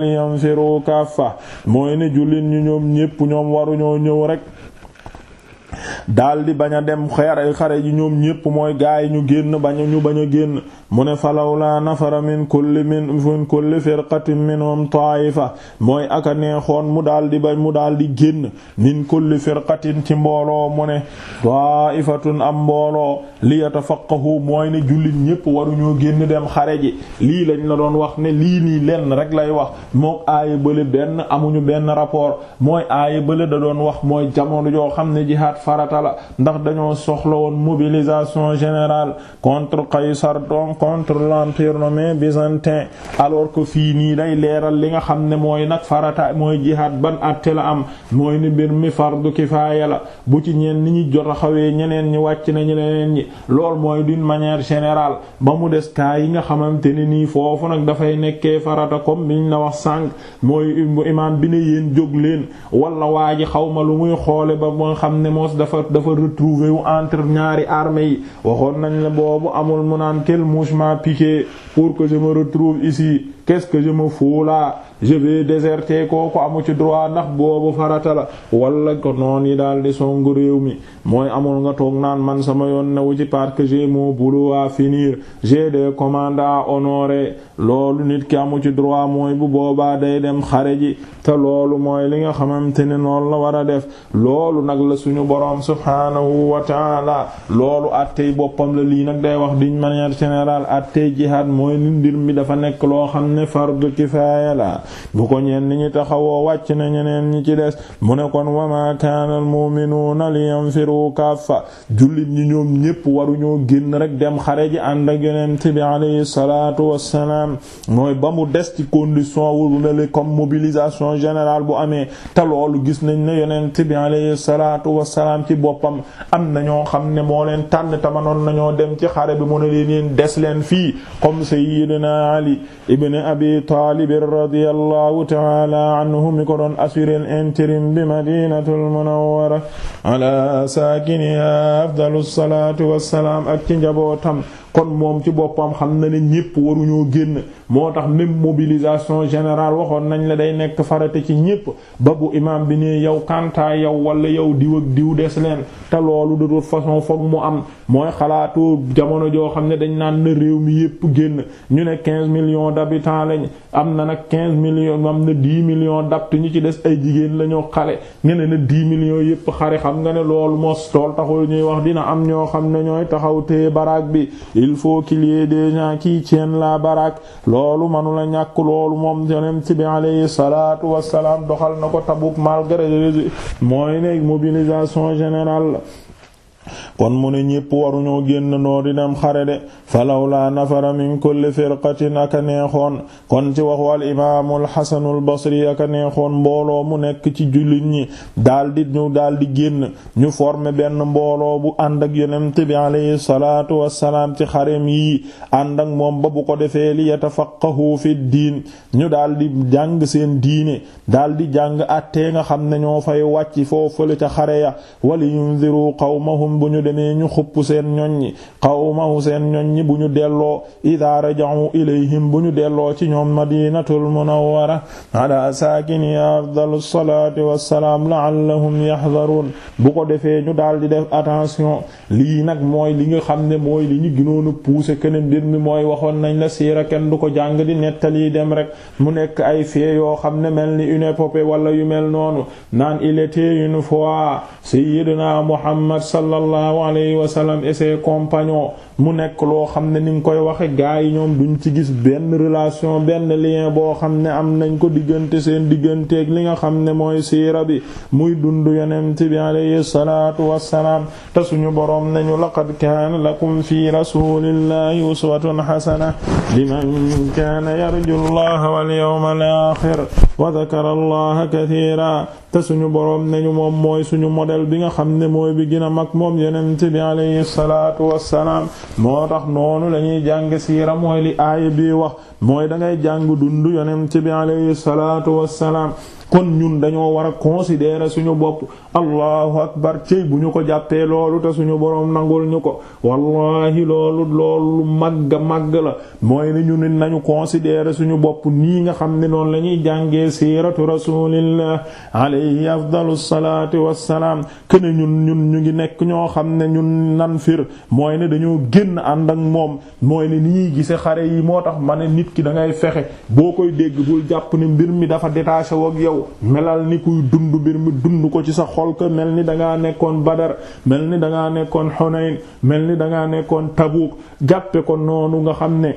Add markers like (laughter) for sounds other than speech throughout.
liyanfiru kaffa mooy ne jullit ñu ñoom ñépp ñoom waruñoo ñëw rek daldi bañ a dem xeer xare ji ñoom ñépp mooy gaay ñu génn bañ ñu bañ a génn mu ne falawla nafara min kulli min kulli firqatin minhum ta'ifa mooy aka neexoon mu daldi bañ mu daldi génn min kulli firqatin ci mbooloo mu ne am mbooloo li yatafaqahu mooy ne jullit ñépp waruñoo génn dem xare ji lii lañ la doon wax ne lii nii lenn rek lay wax mook aaya bële benn amuñu benn rapport mooy aaya bële da doon wax mooy jamono joo xam ne jihaad farata la ndax dañoo soxla woon mobilisation générale contre Qaysar donc contre l'empire romain byzantin alors ko fii nii day leeral li nga xam ne mooy nag farata mooy jihaad ban atte la am mooy ni mbir mi fardu kifaaya la bu ci ñeen ni ñu jot a xawee ñeneen ñi wàcc nañu leneen ñi lool mooy d'une manière général ba mu des cas yi nga xamante ne nii foofu nag dafay nekkee farata comme biñ la wax sànq mooy imaam bi ne yéen jóg leen wala waa ji xaw ma lu dafa retrouver wu entre ñaari armée yi waxoon nañ la boobu amul mu naan quel mouche m'a piqué pour que je me retrouve ici quest que je me fous là je vais déserter kooku amu ci droit ndax boobu farata la wala ko noon yi daal di songu réew mi mooy amul nga toog naan man sama yoon newu ci parce que j'ai mon boulot à finir j'ai des commandes à loolu nit ki amu ci droit mooy bu boobaa day dem xare ji te loolu mooy li nga xamante ne noonu la war a def loolu nag la suñu boroom subhaanahu wa taala loolu attey boppam la lii nag day wax d'une manière générale attey jihaad mooy ni mbir mi dafa nekk loo xam ne fardu kifaaya la bu ko ñeen ni ñi taxawoo wàcc na ñeneen ñi ci des mu ne kon wa maa kaana al mu'minuuna kafa kaaffa jullit ñi ñoom ñépp waruñoo génn rek dem xare ji ànd ak yonent bi alayhi maanaam mooy ba mu des ci condition wu mobilisation générale bu amee te loolu gis nañ ne yonent bi alayhi salaatu wassalaam ci boppam am na ñoo xam ne moo leen tànn tamanoon nañoo dem ci xare bi mu ne leen des leen fii comme sayyidina Ali ibn Abi Talib radiyallahu ta'ala anhu mi ko doon assurer l'intérim bi Madinatul Munawwara ala saakiniha afdalus salaatu wassalaam ak ci njabootam kon moom ci boppam xam na ne ñépp waruñoo génn moo tax même mobilisation générale waxoon nañ la day nekk farate ci ñépp ba bu imaam bi ne yow kantaa yow wala yow diw ak diw des leen te loolu de façon foog mu am mooy xalaatoo jamono joo xam ne dañ naan na réew mi yépp génn ñu ne million millions d'habitants lañ am na nag quinze millions am na dix millions dapt ñu ci des ay jigéen la ñoo xale nga ne na dix millions yépp xare xam nga ne loolu mos tool taxul ñuy wax dina am ñoo xam ne ñooy taxaw téye baraag bi il faut qu'il y des gens qui tiennent la baraque loolu manu la ñàkk loolu moom yonent bi alayhi salaatu wassalaam doxal na ko Tabuk malgré mooy ne mobilisation générale kon mu ne ñépp waruñoo génn noo di dem xare de falawla nafara min kulli firqatin aka neexoon kon ci waxu al imaamu alxasanul basri aka neexoon mbooloo mu nekk ci jullit ñi daldi ñu daldi génn ñu former benn mbooloo bu ànd ak yonent bi alayhi salaatu wassalaam ci xareem yii àndak moom ba bu ko defee li yatafaqahu fi diin ñu daldi jàng seen diine daldi jàng àttee nga xam ne ñoo fay wàcc foofu la ca xare ya wali yunziru qawmahum ñoom bu ñu demee ñu xupp seen ñoñ ñi qawmahu seen ñoñ bu ñu delloo ida raja'u ilayhim bu ñu delloo ci ñoom madinatul munawwara ala saakiniha afdalu salaati wassalaam la'allahum yahdaruun bu ko defee ñu daldi def attention lii nag mooy li ne mooy li ñu ginoonu pousser kene mbir mi mooy waxoon nañ la siira kenn du ko jàng di nettali dem rek mu nekk ay fee yoo xam ne mel ni une épopée wala yu mel noonu naan il était une fois sayyidina Muhammad sallallahu alayhi wa sallam et mu nekk loo xam ne ni nga koy waxe gaa yi ñoom duñ ci gis benn relation benn lien boo xam ne am nañ ko diggante seen digganteeg li nga xam ne mooy siira bi muy dund yonent bi alayhi salaatu wassalaam te suñu boroom nañu laqad kaana lakum fi rasulillahi uswatun hasana liman kaana yarju llaha wal yawmal aaxir wa dakara allaha te suñu boroom nañu moom mooy suñu modèle bi nga xam ne mooy bi gën a mag moom yonent bi alayhi salaatu wassalaam moo tax noonu lañuy jàng siira mooy li aaya bi wax mooy dangay jàng dund dundu ci bi alayhi salaatu wassalaam kon ñun dañoo war a considérer suñu bopp allahu akbar cëy bu ñu ko jàppee loolu te suñu boroom nangul ñu ko wallahi loolu loolu màgg màgg la mooy ne ñu nit nañu considérer suñu bopp nii nga xam ne noonu la ñuy jàngee siiratu rasulillah alayhi afdalu salaatu wassalaam kene ñun ñun ñu ngi nekk ñoo xam ne ñun nan fir mooy ne dañoo génn ànd ak moom mooy ne ni ñuy gise xare yi moo tax ma ne nit ki da ngay fexe boo koy dégg bul jàpp ne mbir mi dafa détaché wak yow melal ni kuy dund mbir mi dund ko ci sa xol ko mel ni danga nekkoon Badar mel ni dangaa nekkoon Hunayn mel ni danga nekkoon Tabuk jàppe ko noonu nga xam ne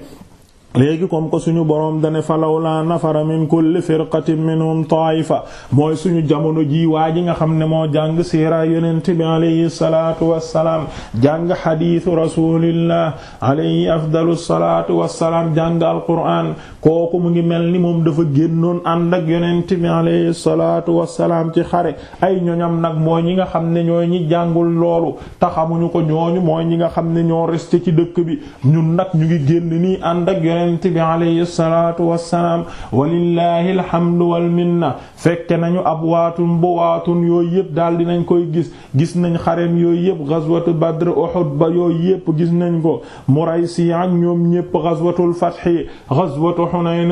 léegi comme ko suñu boroom dane falawla nafara min kulli firqatin minhum taifa mooy suñu jamono ji waa ji nga xam ne moo jàng siira yonent bi alayhi salaatu wassalaam jàng xadiisu rasulillah alayhi afdalu salaatu wassalaam jàng alquran kooku mu ngi mel ni moom dafa génnoon ànd ak yonent bi alayhi salaatu wassalaam ci xare ay ñoñam nag mooy ñi nga xam ne ñooy ñi jàngul loolu taxamuñu ko ñooñu mooy ñi nga xam ne ñoo resté ci dëkk bi ñun nag ñu ngi génn nii ànd ak yonent bi alayhi salaatu wassalaam walillahi alhamdu wal minna fekke nañu abwaatun buwaatun yooyu yëpp daal dinañ koy gis gis nañ xarem yooyu yëpp ghazwatu badr ba yooyu yëpp gis nañ ko muraysi ak ñoom ñëpp ghazwatul fathi ghazwatu hunayn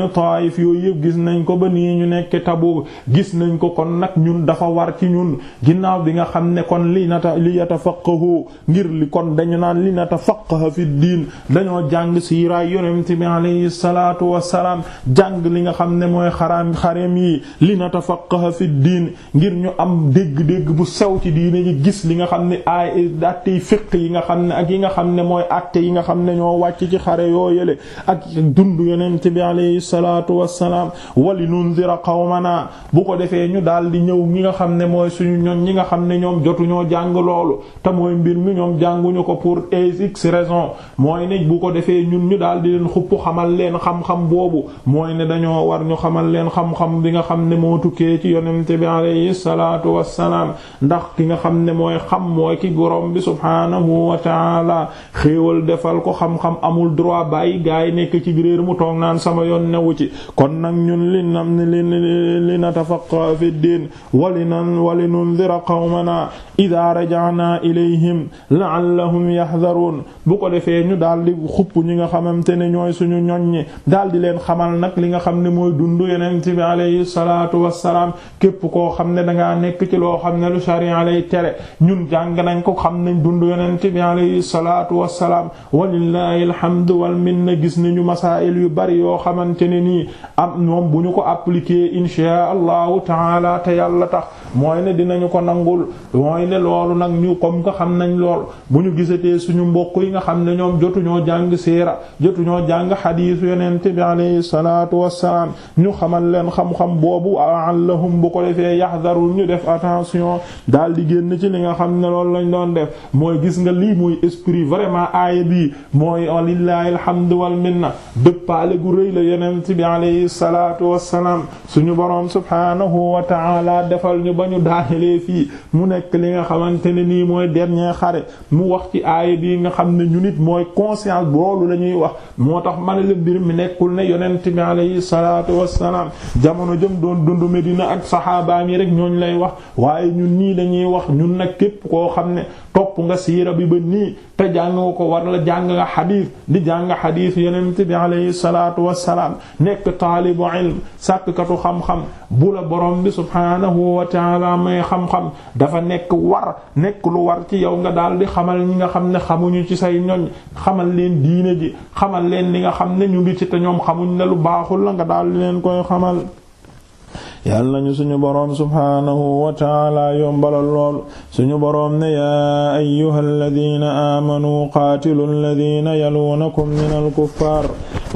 gis nañ ko ba nii ñu nekk tabu gis nañ ko kon nag ñun dafa war ci ñun ginnaaw bi nga xam ne kon li nata li yatafaqahu ngir li kon dañu naan li natafaqaha fi diin dañoo jàng siiraay yonent bi alayhi salaatu salaam jàng li nga xam ne mooy xaraam xareem yi li natafaqqaha fi diin ngir ñu am dégg-dégg bu sew ci diine ji gis li nga xam ne ay atte yi yi nga xam ne ak yi nga xam ne mooy atte yi nga xam ne ñoo wàcc ci xare yoo yële ak dund ci bi alayhi salaatu salaam wali nundira qawmana bu ko defee ñu daal di ñëw ñi nga xam ne mooy suñu ñoon ñi nga xam ne ñoom jotu ñoo jàng loolu te mooy mbir mi ñoom jànguñu ko pour x raison mooy ne bu ko defee ñun ñu daal di leen xupp xamal leen xam-xam boobu mooy ne dañoo war ñu xamal leen xam-xam bi nga xam ne moo tukkee ci yonente bi alayhi salaatu wassalaam ndax ki nga xam ne mooy xam mooy ki borom bi subhaanahu wa taala xéewal defal ko xam-xam amul droit bàyyi gaa yi nekk ci biir mu toog naan sama yoon newu ci kon nag ñun li nam ni li natafaqqa fi diin walinan walinundira qawmana ida raja'na ilayhim la'allahum yahdharun bu ko defee ñu daldi xupp ñi nga xamante ne ñooy suñu suñu ñoññi daal di leen xamal nag li nga xam ne mooy dund yonent bi alayhi salaatu wassalaam képp koo xam ne dangaa nekk ci loo xam ne lu sharia lay tere ñun jàng nañ ko xam nañ dund yonent bi alayhi salaatu wassalaam walillahi alhamdu wal minna gis ñu masaa'il yu bari yoo xamante ne nii am ñoom bu ñu ko appliquer inshaa allahu taala te yàlla tax mooy ne dinañu ko nangul mooy ne loolu nag ñu comme ko xam nañ lool bu ñu gisatee ñu mbokk yi nga xam ne ñoom jotuñoo jàng siira jotuñoo jàng xadiis yonent bi alayhi salaatu ñu xamal leen xam-xam boobu allahum bu ko defee yaxdarul ñu def attention daal di génn ci li nga xam ne lool lañ doon def mooy gis nga lii muy esprit vraiment aaya bi mooy walillahi alhamdu wal minna dëppaale gu rëy la yonent bi alayhi salaatu wassalaam suñu boroom subhaanahu wa ta'ala defal ñu ba ñu daanelee fii mu nekk li nga xamante ne nii mooy dernier xare mu wax ci aaya bi nga xam ne ñu nit mooy conscience boolu la ñuy wax moo tax mane la mbir mi nekkul ne yonent bi alayhi salaatu wassalaam jamono jëm doon dund Medina ak saxaabaam yi rek ñooñ lay wax waaye ñun nii dañuy wax ñun nag képp koo xam ne topp nga siira bi ba nii te jàng nga ko war la jàng nga xadiis di jàng xadiis yonent bi alayhi salaatu wassalaam nekk taalibu ilm sàkkatu xam ta'ala may xam-xam dafa nekk war nekk lu war ci yow nga daal di xamal ñi nga xam ne xamuñu ci say ñoñ xamal leen diine ji xamal leen li nga xam ne ñu ngi ci te ñoom xamuñ ne lu baaxul la nga daal leen koy xamal yàlla nañu suñu boroom subhaanahu wa taala yombalal lool suñu boroom ne yaa ayyuha alladina aamanuu qaatilu alladina yaluunakum min alkuffaar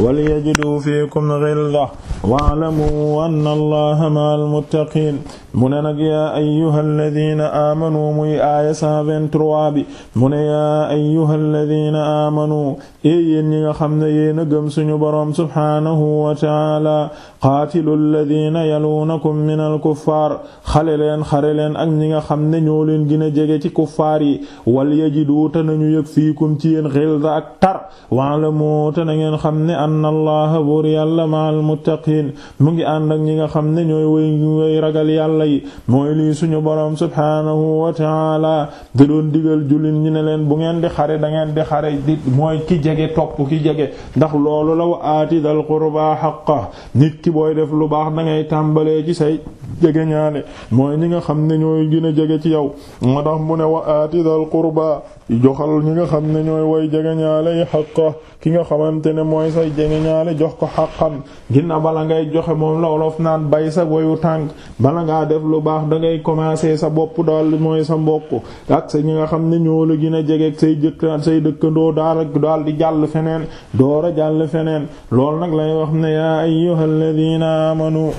walyajiduu fiikum ghilza waalamu anna allaha ma'al muttaqiin mu ne nag yaa ayyuhal ladiina aamanu muy aaya 123 bi mu ne yaa ayyuhal ladiina aamanu ee eh, yéen ñi nga xam ne yéen a gëm suñu boroom subhaanahu wa ta'aala qaatilul ladiina yaluunakum minal kuffaar xale leen xare leen ak ñi nga xam ne ñoo leen gën a jege ci kuffaar yi wal yajidu te nañu yëg fiikum ci yéen ghilza ak tar waalamu te na ngeen xam ne anna allaha buur yàlla ma'al muttaqiin muttaqin mu ngi ànd ak ñi nga xam ne ñooy way way ragal yàlla yi mooy lii suñu boroom subhaanahu wa taala da doon digal jullit ñi ne leen bu ngeen di xare da ngeen di xare di mooy ki jege topp ki jege ndax loolu la wa aati dal qurba haqqa nit ki booy def lu baax dangay ngay tàmbalee ci say jege ñaale mooy ñi nga xam ne ñooy gën a jege ci yow moo tax mu ne wa aati dal qurba joxal ñi nga xam ne ñooy woy jege ñaale yi xaqa ki nga xamante ne mooy say jege ñaale jox ko xaqam ginna bala ngay joxe moom la wolof naan bay sa wayu tànk bala ngaa def lu baax dangay commencer sa bopp daal mooy sa mbokk ak sa ñi nga xam ne ñoo la gën a jege say jëkk say dëkkandoo daal daal di jàll feneen door a jàll feneen lool nag lay wax ne yaa ayyuhal ladina amanu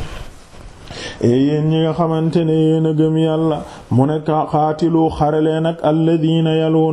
e yéen ñi nga xamante ne yéen a gëm yàlla mu ne xaatiloo xare leen ak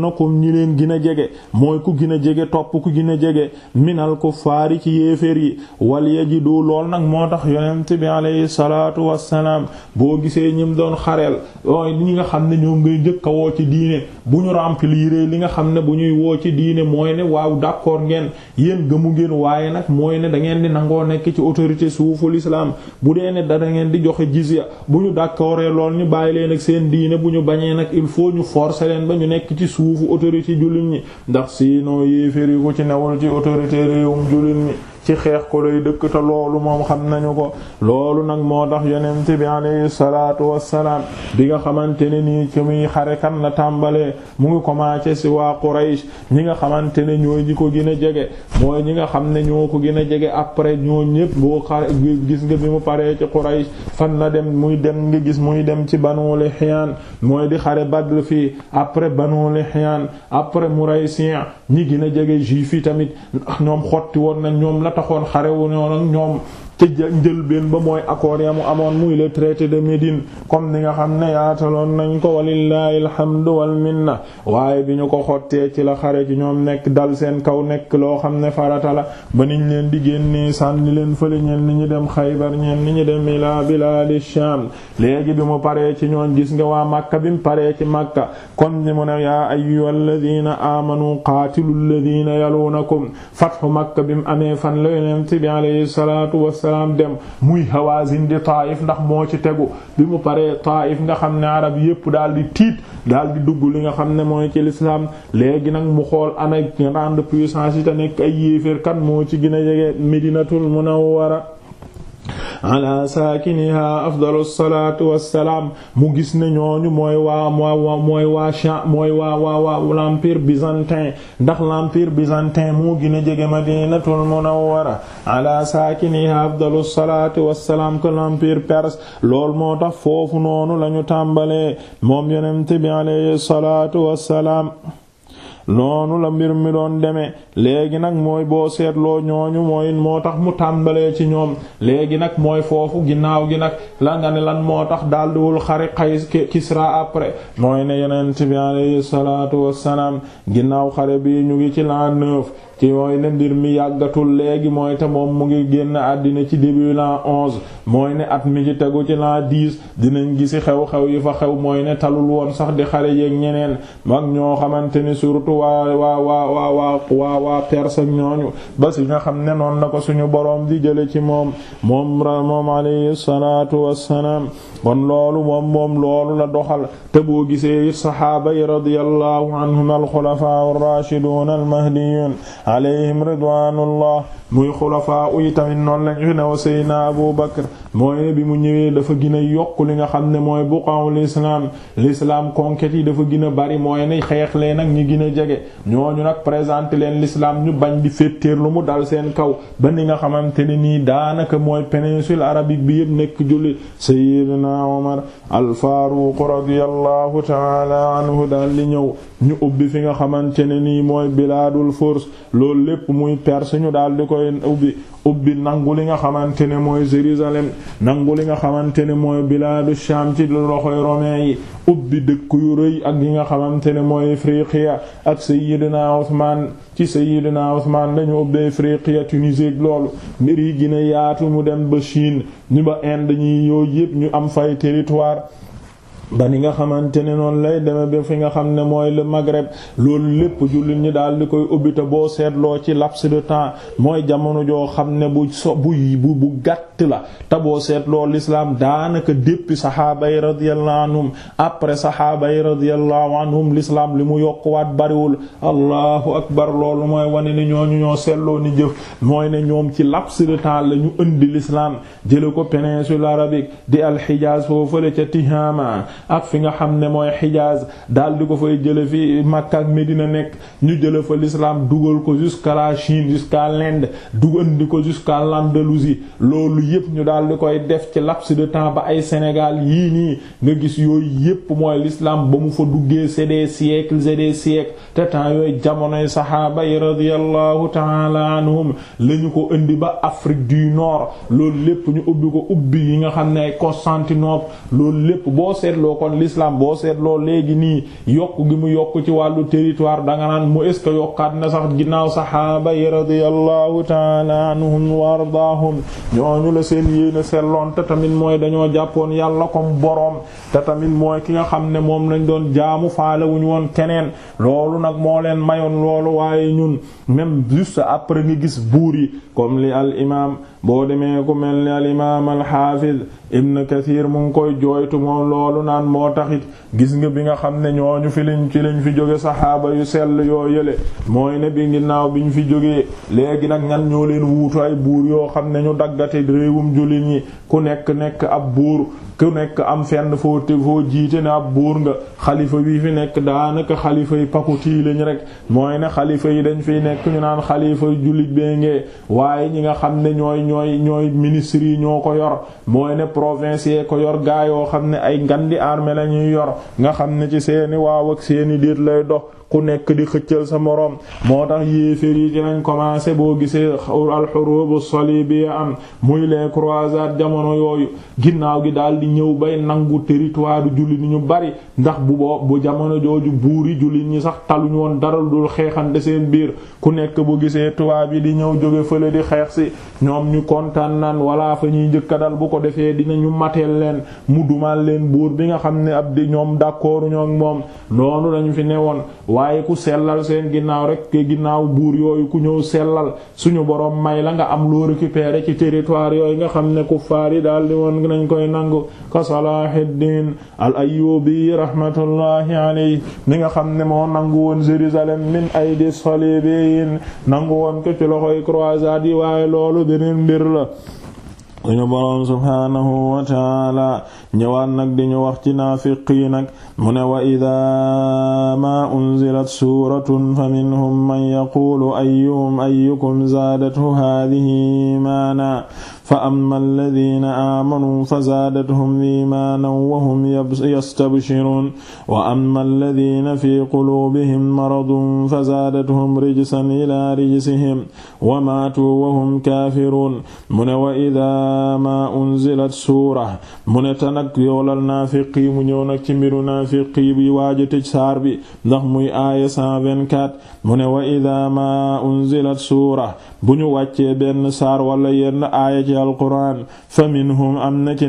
na koom ñi leen gën a jege mooy ku gin a jege topp ku gin a jege minal ko kuffaari ci yéeféer yi wal du lool nag moo tax yonent bi alayhi salaatu wassalaam boo gisee ñim doon xareel ooy ñi nga xam ne ñoom ngay njëkk woo ci diine bu ñu remplir li nga xam ne bu ñuy woo ci diine mooy ne waaw d'accord ngeen yéen gëmu ngeen waaye nag mooy ne da ngeen di nangoo nekk ci autorité suuful islam bu dee ne da ngeen di joxe jizya bu ñu d'accordee lool ñu bàyyi leen ak seen diine bu ñu bañee nag il faut ñu forcer leen ba ñu nekk ci suufu autorité jullit ñi ndax sinon yéeféer yi ko ci newul ci autorité réewum jullit ñi ci xeex ko lay dëkk te loolu moom xam nañu ko loolu nag moo tax yeneen bi alayhi salaatu wassalaam bi nga xamante ne nii ci muy xare kan la tàmbalee mu ngi commencé si waa Quraysh ñi nga xamante ne ñooy ñi ko gën a jege mooy ñi nga xam ne ñoo ko gën a jege après ñoo ñëpp boo xare gis nga bi mu paree ci Quraysh fan la dem muy dem nga gis muy dem ci Banu Lihyaan mooy di xare Badr fii après Banu Lihyaan après Muraysi' ñi gën jege juif yi tamit ñoom xotti woon nañ ñoom la taxoon xare wu ñoom ca njëlbéen ba mooy accord ya amoon muy le traité de Médine comme ni nga xam ne yaataloon nañ ko walillahi alhamdu wal minna waaye bi ñu ko xottee ci la xare ci ñoom nekk dal seen kaw nekk loo xam ne farata la ba niñ leen di génnee sànni leen fële ñeen ni ñu dem Xaybar ñeen ni ñu dem ila biladi Sham léegi bi mu paree ci ñoon gis nga waa Makka bi mu paree ci Makka kon ni mu ne yaa ayyuhal ladina amanu qatilul ladina yalunakum fathu Makka bi mu amee fan la yonent bi alayhi salatu wassalam salaam dem muy Hawazin di Taif ndax moo ci tegu bi mu paree Taif nga xam ne arab yépp daal di tiit daal di dugg li nga xam ne mooy ci l'islam léegi nag mu xool ana grande puissance yi te nekk ay yéeféer kan moo ci gën a jege Medinatul Munawwara ala saakiniha afdalu salaatu wassalaam mu gis ne ñooñu mooy waa mooy waa cha mooy waa ndax l'empire byzantin moo gën a jege madinatul munawwara ala saakiniha afdalu salaatu wassalaam que l'empire perse lool moo tax foofu noonu lañu tàmbalee moom yonent bi alayhi salaatu wassalaam noonu la mbir mi doon demee léegi nag mooy boo seetloo ñooñu mooy moo tax mu tàmbalee ci ñoom léegi nag mooy foofu ginnaaw gi nag la nga ne lan moo tax daldiwul xari xays Kisra après mooy ne yonent bi alayhi salaatu wassalaam ginnaaw xare bii ñu ngi ci l'an neuf ci mooy ne mbir mi yàggatul léegi mooy te moom mu ngi génn àddina ci début l'an onze mooy ne at mi ci tegu ci l'an dix dinañ gisi xew-xew yi fa xew mooy ne talul woon sax di xale yeeg ñeneen mag ñoo xamante ni surtout waa waa waa waa Perse ak ñooñu ba si nga xam ne noonu na ko suñu boroom di jële ci moom moom ra moom alayhi salaatu wassalaam kon loolu moom moom loolu la doxal te boo gisee saxaaba yi radiyallahu anhum al-xulafaa ar al-mahdiyuun alayhim ridwanullah muy xulafaa uy tamit noonu lañ fi newa seydna abu bakar mooy bi mu ñëwee dafa gën yokk li nga xam ne mooy buqaw l'islam l'islam conquête yi dafa gën a bari mooy ne xeex leen nag ñi gën a jege ñooñu nag présenter leen l'islam ñu bañ di féttéer lu mu dal seen kaw ba ni nga xamante ne nii daanaka mooy péninsule arabique bi yëpp nekk julli seydna omar al faruq radiyallahu taala anhu daal li ñëw ñu ubbi fi nga xamante ne nii mooy bilaadul furs loolu lépp muy koy ubbi ubbi nangu li nga xamante ne mooy Jérusalem nangu li nga xamante ne mooy bilaadu Sham ci loxoy romain yi ubbi dëkk yu rëy ak yi nga xamante ne mooy Ifriqiya ak Sayyidina Usmaan ci Sayyidina Usmaan dañu ubbi Ifriqiya Tunisie loolu mbir yi gën a yaatu mu dem ba Chine ñu ba Inde ñi yooyu yëpp ñu am fay territoire ba ni nga xamante ne noonu lay demee ba fi nga xam ne mooy le Maghreb loolu lépp jullit ñi daal di koy ubbi boo seetloo ci laps de temps mooy jamono joo xam ne bu so bu bu gàtt la te boo seetloo l'islam daanaka depuis saxaaba yi radiyallahu anhum après saxaaba yi radiyallahu anhum lislaam li mu yokkuwaat bariwul allahu akbar loolu mooy wane ni ñooñu ñoo seetloo ni jëf mooy ne ñoom ci laps de temps la ñu indi l'islam jële ko péninsule arabique di al Hijaz foofale ca Tihama ak fi nga xam ne mooy Hijaz daal di ko fay jële fi Makka ak Medina nekk ñu jële fa lislaam dugal ko jusqu'à la Chine jusqu'à l'Inde dugandi ko jusqu'à l'Andalousie loolu yëpp ñu daal di koy def ci laps de temps ba ay Sénégal yii nii nga gis yooyu yëpp mooy l'islam ba mu fa duggee c'est des siècles et des siècles te temps yooyu jamonoy saxaaba yi radiyallahu ta'ala anhum lañu ko indi ba Afrique du Nord loolu lépp ñu ubbi ko ubbi yi nga xam ne ay Constantinople loolu kon lislaam boo seetloo léegi nii yokk gi mu yokk ci wàllu territoire danga naan mu est ce que yokkaat na sax ginnaaw saxaaba yi radiyallahu taala anhum wa ardaahum ñooñu la seen yéene selloon te tamit mooy dañoo jàppoon yàlla comme boroom te tamit mooy ki nga xam ne moom lañ doon jaamu faale wuñu woon keneen loolu nag moo leen mayoon loolu waaye ñun même juste après nga gis buur yi comme li al imam boo demee ko mel ni al imaam al xaafiz ibn kathir mu ngi koy jooytu moom loolu naan moo taxit gis nga bi nga xam ne ñooñu fi liñ ci lañu fi jóge saxaaba yu sell yoo yële mooy ne bi ginnaaw biñ fi jógee léegi nag ñan ñoo leen wuutu ay buur yoo xam ne ñu daggate réewum jullit yi ku nekk nekk ab buur ku nekk am fenn foo te foo jiite ne ab buur nga xalifa bii fi nekk daanaka xalifa yi pakutii lañ rek mooy ne xalifa yi dañ fi nekk ñu naan xalifa jullit bee ngee waaye ñi nga xam ne ñooy ñooy ñooy ministres yi ñoo ko yor mooy ne province yee ko yor gaa yoo xam ne ay ngandi armée la ñuy yor nga xam ne ci seeni waaw ak seeni déet lay dox ku nekk di xëccal sa moroom moo tax yéeféer yi dinañ commencé boo gisee alxurubu salibiya am muy les croisades jamono yooyu ginnaaw ñëw bay nangu territoire jullit ni ñu bari ndax bu boo bu jamono jooju buur yi jullit ñi sax taluñu woon dara dul xeexante seen biir ku nekk bu gisee tubaab yi di ñëw jóge fële di xeex si ñoom ñu kontaan naan walla fa ñuy njëkka dal bu ko defee dinañu mateel leen mu dumaal leen buur bi nga xam ne ab di ñoom d'accord ñoo moom noonu dañu fi newoon waaye ku sellal seen ginnaaw rek ginnaaw buur yooyu ku ñëw sellal suñu boroom may la nga am loo récupérer ci territoire yooyu nga xam ne ku faar yi daal di woon nañ koy nangu ka Salahuddin al Ayyubi rahmatullahi alayhi mi nga xam ne moo nangu woon Jérusalem min aydi salibiyin nangu woon ko ci loxoy croisade yi waaye loolu beneen mbir la suñu boroom subhaanahu wa taala ñëwaat nag di ñu wax ci naafiqi nag mu ne wa ida ma unzilat suuratun fa minhum man yaquulu ayyuhum ayyukum zaadathu haadihi iimaana fa amma alladina aamanuu fa zaadathum iimaanan wa hum yastabshiruun wa amma alladina fi quluubihim maradun fa zaadathum rijsan ilaa rijsihim wa maatuu wa hum kaafiruun mu ne wa idaa maa unzilat suura mu ne te nag yoolal naafiqi mu ñëw nag ci mbiru naafiqi bi waaja tëj saar bi ndax muy aaya 124 mu ne wa idaa maa unzilat suura bu ñu wàccee benn saar walla yenn aaya ci alquran fa minhum am na ci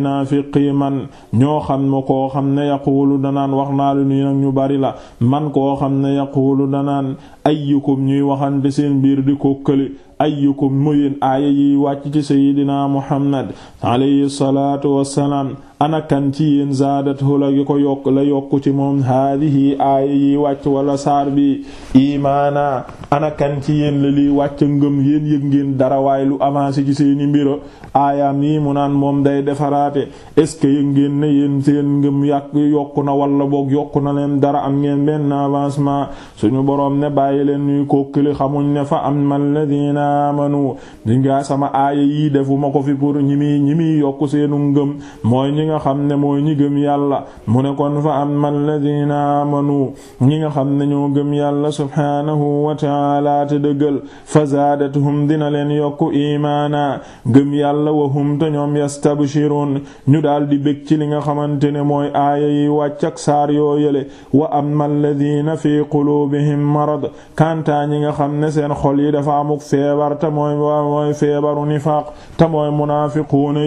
yi man ñoo xam ma koo xam ne yaquulu danaan wax naa lu ni nag ñu bari la man koo xam ne yaquulu danaan ayyukum ñuy waxante seen biir di kokkali ayyukum muyin aaya yi wàcc ci sayyidina muhammad alayhi salaatu wassalaam ana kan ci yéen zaadathu la ko yokk la yokk ci moom haadihi aaya yi wàcc wala saar bi imaana ana kan ci yéen la li wàcc ngëm yéen yëg ngeen dara waaye lu avancé ci seeni mbiro aayaam yi mu naan moom day defaraate est-ce que yëg ngeen ne yéen seen ngëm yàq yokku na wala boog yokku na leen dara am ngeen benn avancement suñu boroom ne bàyyi leen ñuy kokkili xamuñ ne fa am man ladina amanu di nga sama aaya yii defuma ko fi pour ñi muy ñi muy yokk seenu ngëm mooy ñi nga xam ne mooy ñi gëm yàlla mu ne kon fa amma alladina amanu ñi nga xam ne ñoo gëm yàlla subhanahu wa taala te dëggal fa zaadathum dina leen yokk imaana gëm yàlla wa hum te ñoom yastabshirun ñu dal di bég ci li nga xamante ne mooy aaya yi wàcc ak saar yoo yële wa amma alladina fi qulubihim marad kanta ñi nga xam ne seen xol yi dafa amuk feebar feebar te mooy waa mooy feebaru nifaaq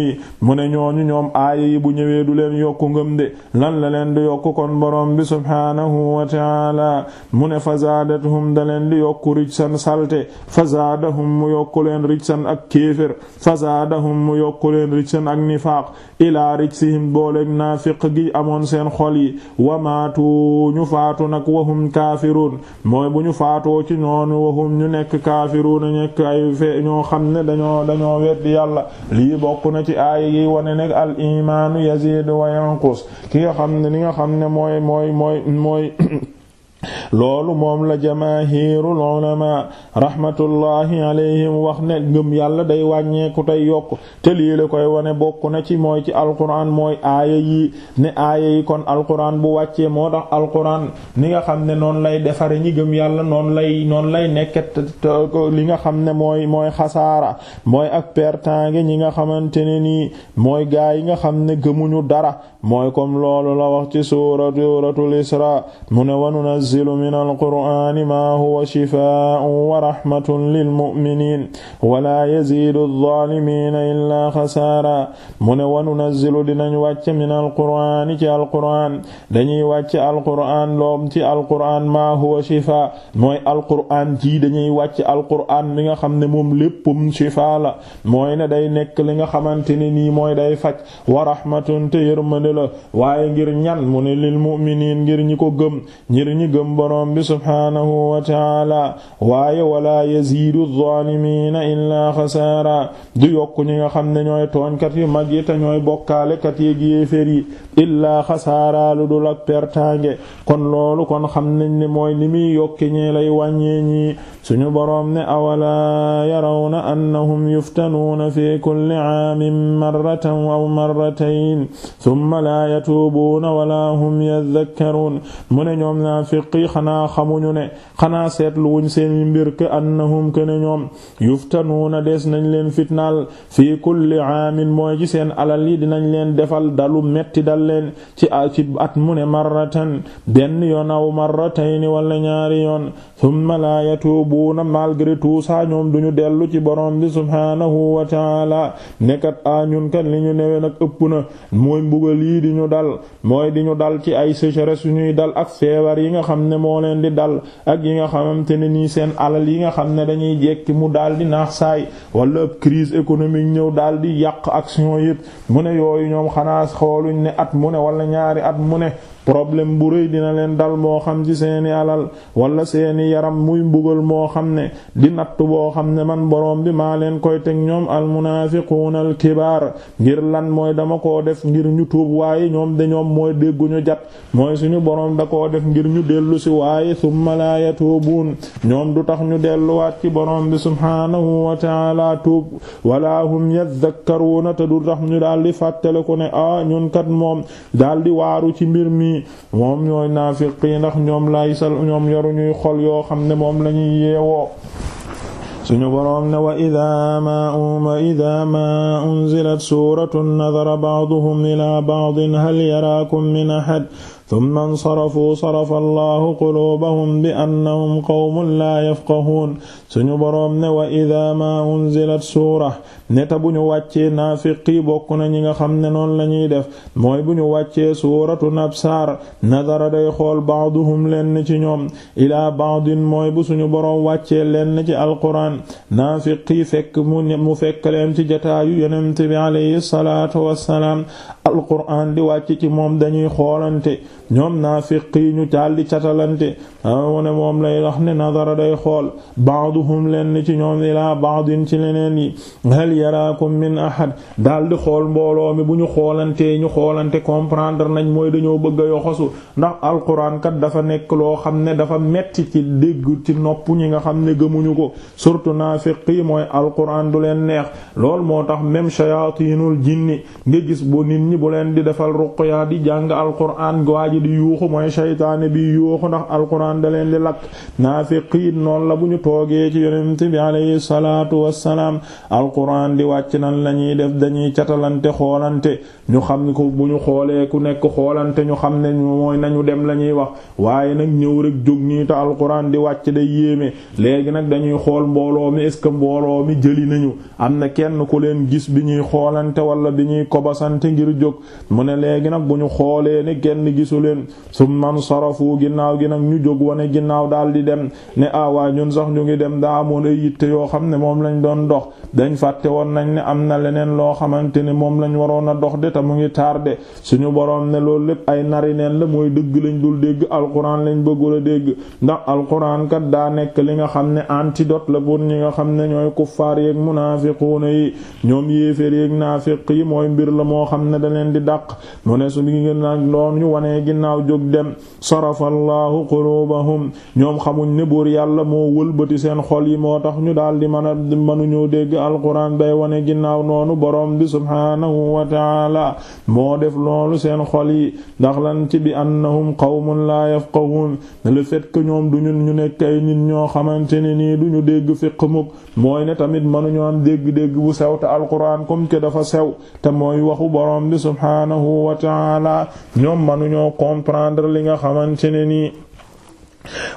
yi mu ne ñooñu ñoom aaya bu ñëwee du leen yokku ngëm de lan la leen di yokku kon borom bi subhaanahu wa taala mu ne fa zaadathum da leen di yokku rijsan salte fa zaadahum mu yokku leen rijsan ak kéefér fa zaadahum mu yokku leen rijsan ak nifaaq ilaa rijsihim booleeg naafiq gi amoon seen xol yi wa maatu ñu faatu nag wahum kaafiruun mooy bu ñu faatoo ci ñoonu wahum ñu nekk kaafiruun nekk ay fe ñoo xam ne dañoo dañoo weddi yàlla lii bokk na ci aaya yi wane nekk al imaanu yazidu wa ki nga xam ne li nga xam ne mooy mooy mooy mooy loolu moom la jamaahirul ulama rahmatullahi alayhim wax ne ngëm yàlla day wàññeeku tey yokk te lii la koy wane bokk na ci mooy ci alquran mooy aaya yi ne aaya yi kon alquran bu wàccee moo tax alquran ni nga xam ne noonu lay defare ñi yàlla noonu lay noonu lay nekket li nga xam ne mooy mooy xasaara mooy ak pertange ñi nga xamante ne nii mooy gaa yi nga xam ne gëmuñu dara mooy comme loolu la wax ci suuratu suratul isra mu ne wanu nunazzilu min alqur'ani maa huwa shifaa'un wa rahmatun lilmu'miniin wa laa yaziidu adh-dhaalimiina illaa xasaara mu ne wa nunazzilu dinañ wàcc min alqur'ani ci alqur'an dañuy wàcc alqur'an loom ci alqur'an maa huwa shifaa mooy alqur'an ji dañuy wàcc alqur'an li nga xam ne moom léppum shifaa la mooy ne day nekk li nga xamante ne nii mooy day faj wa rahmatun te yërmande la waaye ngir ñan mu ne lil mu'miniin ngir ñi ko gëm ngir ñi gëm ngërëm borom bi subhaanahu wa taala waaye walaa yaziidu zaalimiina illaa xasaara du yokk ñi nga xam ne ñooy tooñkat yu mag yi te ñooy bokkaalekat yi yéeféer yi illaa xasaara lu dul ak pertange kon loolu kon xam nañ ne mooy ni muy yokki ñi lay wàññee ñi suñu boroom ne awalaa yarawna annahum yuftanuuna fi kulli aamin marratan aw marratayn thumma laa yatuubuuna walaa hum yadhakkaruun mu yi xanaa xamuñu ne xanaa seetlu wuñ seen mbir ke annahum ke ne ñoom yuftanuuna des nañ leen fitnaal fii kulli aamin mooy ci seen alal yi dinañ leen defal dalu metti dal leen ci ci at mu ne marratan benn yoon aw wala ñaari yoon summa laa na malgré tout ça ñoom duñu dellu ci borom bi subhaanahu wa taala nekkat a ah, ñun kat li ñu newee nag ëpp na mooy mbugal yi di ñu dal mooy di ñu dal ci ay sécheresse ñuy dal ak feebar yi nga xam ne moo leen di dal ak yi nga xamante ne nii seen alal yi nga xam ne dañuy jekki mu daal di naax saay wala crise économique ñëw daal di yàq action yépp mu ne yooyu ñoom xanaa xooluñ ne at mu ne wala ñaari at mu ne problème bu rëy dina leen dal moo xam ci seeni alal wala seeni yaram muy mbugal moo xam ne di natt boo xam ne man boroom bi maa leen koy teg ñoom almunaafiquuna alkibaar ngir lan mooy dama ko def ngir ñu tuub waaye ñoom de ñoom mooy dégguñu jat mooy suñu boroom da koo def ngir ñu dellu si waaye summa laa yatuubuun ñoom du tax ñu delluwaat ci boroom bi subhaanahu wa ta'aala tuub wala hum yadhakkaruuna te du tax ñu daal di fàttale ko ne a ah, ñun kat moom daal di mi ñii moom ñooy naafiqi ndax ñoom lay sal ñoom yoru ñuy xol yoo xam ne moom lañuy yeewoo suñu boroom ne wa ida ma wa ida ma unzilat suratun nadara ba'duhum ila ba'din hal yaraakum min ahad tumma nsarafuu sarafa allahu quluubahum bi annahum qawmun laa yafqahuun suñu boroom ne wa ida maa unzilat suura neta bu ñu wàccee naafiqi bokk na ñi nga xam ne noonu la ñuy def mooy bu ñu wàccee suuratu na nadara day xool baaduhum lenn ci ñoom ilaa baadin mooy bu suñu borom wàccee lenn ci alquraan naafiqi fekk mu fekk leen ci jataayu yonent bi alayhi salaatu wassalaam alquraan di wàcc ci moom dañuy xoolante ñoom naafiq yi ñu tàlli catalante amoo ah, ne moom lay wax ne nadara day xool ba'duhum leen ci ñoom ilaa ba'din ci leneen yi hal yaraakum min ahad daal di xool mbooloo mi bu ñu xoolantee ñu xoolante comprendre nañ mooy dañoo bëgg a yoxosu ndax alquran kat dafa nekk loo xam ne dafa metti ci dégg ci nopp ñi nga xam ne gëmuñu ko surtout naafiq yi mooy alquran du leen neex lool moo tax même shayatinul jinni nga gis bu nit ñi bu leen di defal ruqya di jàng alquran di yuuxu mooy shaytaane bi yuuxu ndax alquran da leen di lakk naafiqiin noonu la bu ñu toogee ci yonent bi alayhi salaatu wassalaam alquran di wàcc na la ñuy def dañuy catalante xoolante ñu xam ko bu ñu xoolee ku nekk xoolante ñu xam ne mooy nañu dem la ñuy wax waaye nag ñëw rek jóg ñii te alquran di wàcc day yéeme léegi nag dañuy xool mbooloo mi est-ce mbooloo mi jëli nañu am na kenn ku leen gis bi ñuy xoolante wala bi ñuy kobasante ngir jóg mu leen summa nsarafu ginnaaw gi nag ñu jóg wane ginnaaw daal di dem ne awaa ah ñun sax ñu ngi dem daa amoon ay yitte yoo xam ne moom lañ doon dox dañ fàtte woon nañ ne am na leneen loo xamante ne moom lañ waroon a dox de te mu ngi taar tardé suñu boroom ne loolu lépp ay nari neen la mooy dëgg lañ dul dégg alquran lañ bëggul a dégg ndax alquran kat daa nekk li nga xam ne antidote la pour ñi nga xam ne ñooy kuffaar yeeg munaafiquuna yi ñoom yéeféer yeeg naafiq yi mooy mbir la moo xam ne da leen ginnaaw jóg dem sarafa allahu qulubahum ñoom xamuñ ne buur yàlla moo wëlbati seen xol yi moo tax ñu daal di mën a mënuñoo dégg alquran day wane ginnaaw noonu boroom bi subhaanahu wa taala moo def loolu seen xol yi ndax lan ci bi annahum qawmun la yafqahun le fait que ñoom duñu ñu nekk ay nit ñoo xamante ne nii duñu dégg fiq mukk mooy ne tamit mënuñu am dégg-dégg bu sew te alquran comme que dafa sew te mooy waxu boroom bi subhaanahu wa taala ñoom mënuñoo comprendre li nga xamante ne nii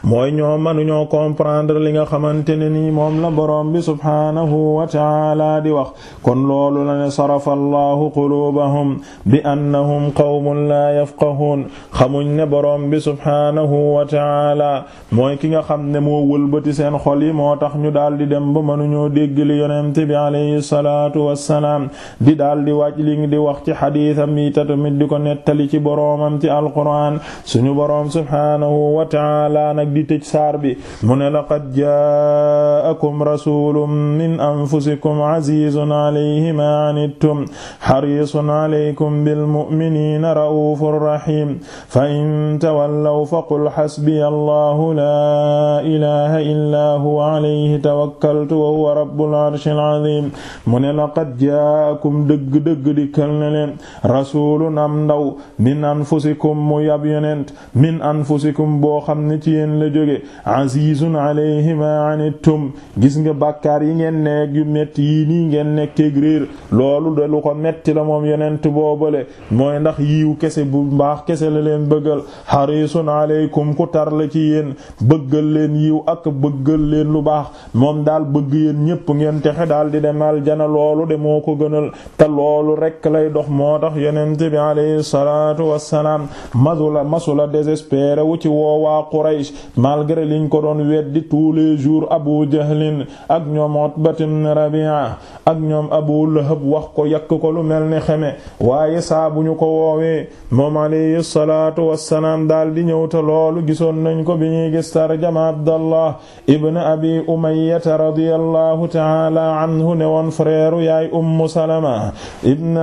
mooy ñoom mënuñoo comprendre li nga xamante ne nii moom la boroom bi subhaanahu wa taala di wax kon loolu la ne sarafa allahu quluubahum bi annahum qawmun laa yafqahuun xamuñ ne boroom bi subhaanahu wa taala mooy ki nga xam ne moo wëlbati seen xol yi moo tax ñu daal di dem ba mënuñoo dégg li yonent bi alayhi salaatu wassalaam di daal di wàcc li di wax ci xadiisam yi tamit di ko nettali ci boroomam ci alquraan suñu boroom subhaanahu wa ta'ala nag di tëj saar bi mu ne laqad jaa'akum rasulun min anfusikum azizun alayhi ma anittum harisun alaykum bil mu'minina ra'ufur rahim fa in tawallaw faqul hasbiya allahu la ilaha illa huwa alayhi tawakkaltu wa huwa rabbul arshil azim mu ne laqad jaa'akum dëgg-dëgg dikkal na leen rasulun am ndaw min anfusikum mu yab yonent min anfusikum boo xam ne ci yéen la jóge azizun alayhi ma anittum gis nga bàkkaar yi ngeen nekk yu metti yii nii ngeen nekk réer loolu de lu ko metti la moom yonent boobale mooy ndax yiiw kese bu baax kese la leen bëggal harisun alaykum ku tar la ci yéen bëggal leen yiw ak bëggal leen lu baax moom dal bëgg yéen ñépp ngeen texe daal di dem aljana loolu de moo ko gënal te loolu rek lay dox moo tax yonent bi alayhi salaatu wassalaam masula masula désespéré wu ci woowaa Quraysh Quraysh malgré liñ ko doon weddi tous les jours Abu Jahlin ak ñoom Utba ibn Rabi'a ak ñoom Abu Lahab wax ko yàq ko lu mel ni xeme waaye saa bu ñu ko woowee moom alayhi salaatu wassalaam daal di ñëwta loolu gisoon nañ ko bi ñuy gis tarjama Abdallah ibn Abi Umayya radiyallahu ta'ala anhu ne woon frère yaay Ummu Salama ibn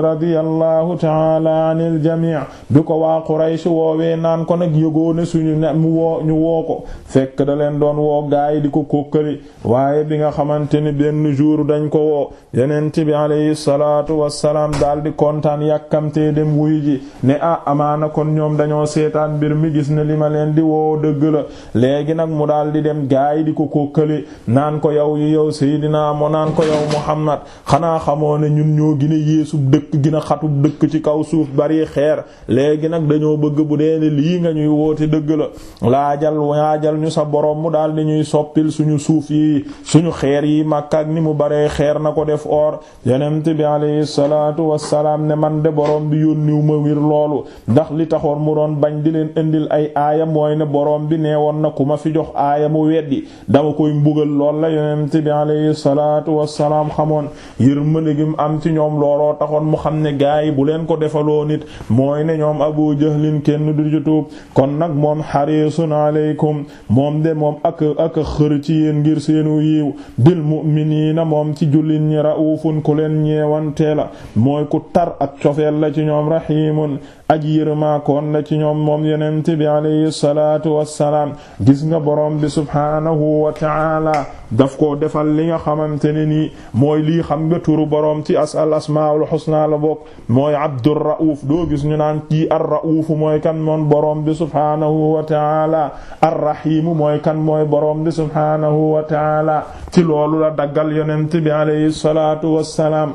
radiyallahu ta'ala anil jami' du ko waa Quraysh woowee naan ko nag yëgoone suñu woo ñu woo ko fekk da leen doon woo gaa yi di ko kókkali waaye bi nga xamante ni benn jour dañ ko woo yeneen bi alayhi salaatu wassalaam daal di kontaan yàkkamtee dem wuy ji ne ah amaana kon ñoom dañoo seetaan mbir mi gis ne li ma leen di woo dëgg la léegi nag mu daal di dem gaa yi di ko kókkali naan ko yow yi yow Seydina moo naan ko yow Muhammad xanaa xamoo ne ñun ñoo gën a yéesub dëkk gën xatub dëkk ci kaw suuf bari xeer léegi nag dañoo bëgg bu dee ne nga ñuy woote dëgg la laajal waajal ñu sa borom mu daal ñuy soppil suñu suuf yi suñu xeer yi Makka ak ni mu baree xeer na ko def or yeneen bi alayhi salaatu wassalaam ne man de borom bi yónniw ma wir loolu ndax li taxoon mu doon bañ di leen indil ay aaya mooy ne bi nee woon na ku ma fi jox aaya mu weddi dama koy mbugal lool la yonent bi alayhi salaatu wassalaam xamoon yërmande gi mu am ci ñoom looloo taxoon mu xam ne gaa yi bu leen ko defaloo nit mooy ne ñoom Abu Jahlin kenn du jutub kon nag moom xariis xarisun aleykum moom de moom ak ak xër ci yéen ngir seenu yiw bil mu'miniina moom ci jullit ñi raufun ku leen ñeewante la mooy ku tar ak cofeel la ci ñoom rahimun aji yërëmaakoon la ci ñoom moom yonent bi alayhi salaatu wassalaam gis nga borom bi subhaanahu wa ta'ala daf koo defal li nga xamante ne nii mooy lii xam nga turu borom ci as al asmaul husna la bokk mooy abdur rauf doo gis ñu naan kii ar rauf mooy kan moon borom bi subhaanahu wa ta'ala ar mooy kan mooy borom bi subhaanahu wa ta'ala ci loolu la daggal yonent bi alayhi salaatu wassalaam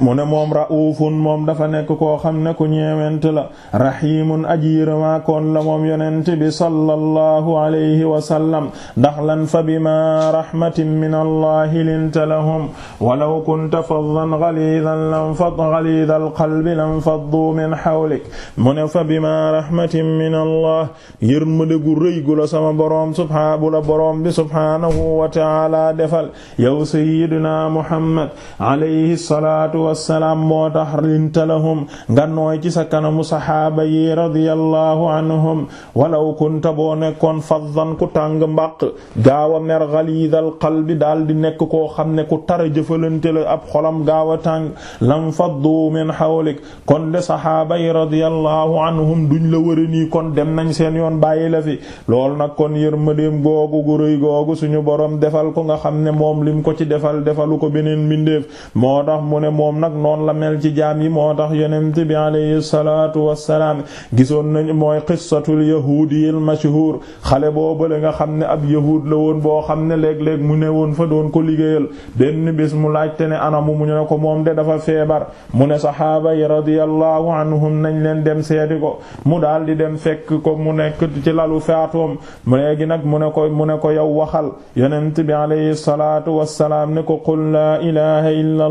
mu ne moom raufun moom dafa nekk koo xam ne ku ñeewent la rahimun aji yërëmaakoon la moom yonent bi sallallahu alayhi wa sallam ndax lan fa bima rahmatin min allahi linta lahum walaw kunta faddan ghalidan lan fad ghalidal qalbi lan faddu min hawlik mu ne fa bima rahmatin min allah yërmande gu rëy gu la sama boroom subhaanahu bu la boroom bi subhaanahu wa ta'ala defal yow sayyidina muhammad alayhi salaam salaatu wassalaam moo tax linta lahum nga ci sa kanamu saxaaba yi radiyallahu anhum walaw kunta boo nekkoon faddan ku tàng mbàq gaaw a mer ghalidal qalbi daal di nekk koo xam ne ku tara jëfalante la ab xolam gaaw a tàng lam faddu min hawlik kon de saxaaba yi radiyallahu anhum duñ la wëra nii kon dem nañ seen yoon bàyyi la fi lool nag kon yërmandeem googu gu rëy googu suñu boroom defal ko nga xam ne moom lim ko ci defal defalu ko beneen mbindeef ne moom nag noonu la mel ci jaam yi moo tax yonent bi alayhi salaatu wassalaam gisoon nañ mooy qissatul yahuudiyil mashhuur xale boobu la nga xam ne ab yahuud la woon boo xam ne léeg-léeg mu ne woon fa doon ko liggéeyal benn bis mu laajte ne anamu mu ne ko moom de dafa feebar mu ne saxaaba yi radiyallahu anhum nañ leen dem seeti ko mu daal di dem fekk ko mu nekk ci lalu faatoom léegi nag mu ne ko mu ne ko yow waxal yeneen bi alayhi salaatu wassalaam ne ko qul laa ilaaha illa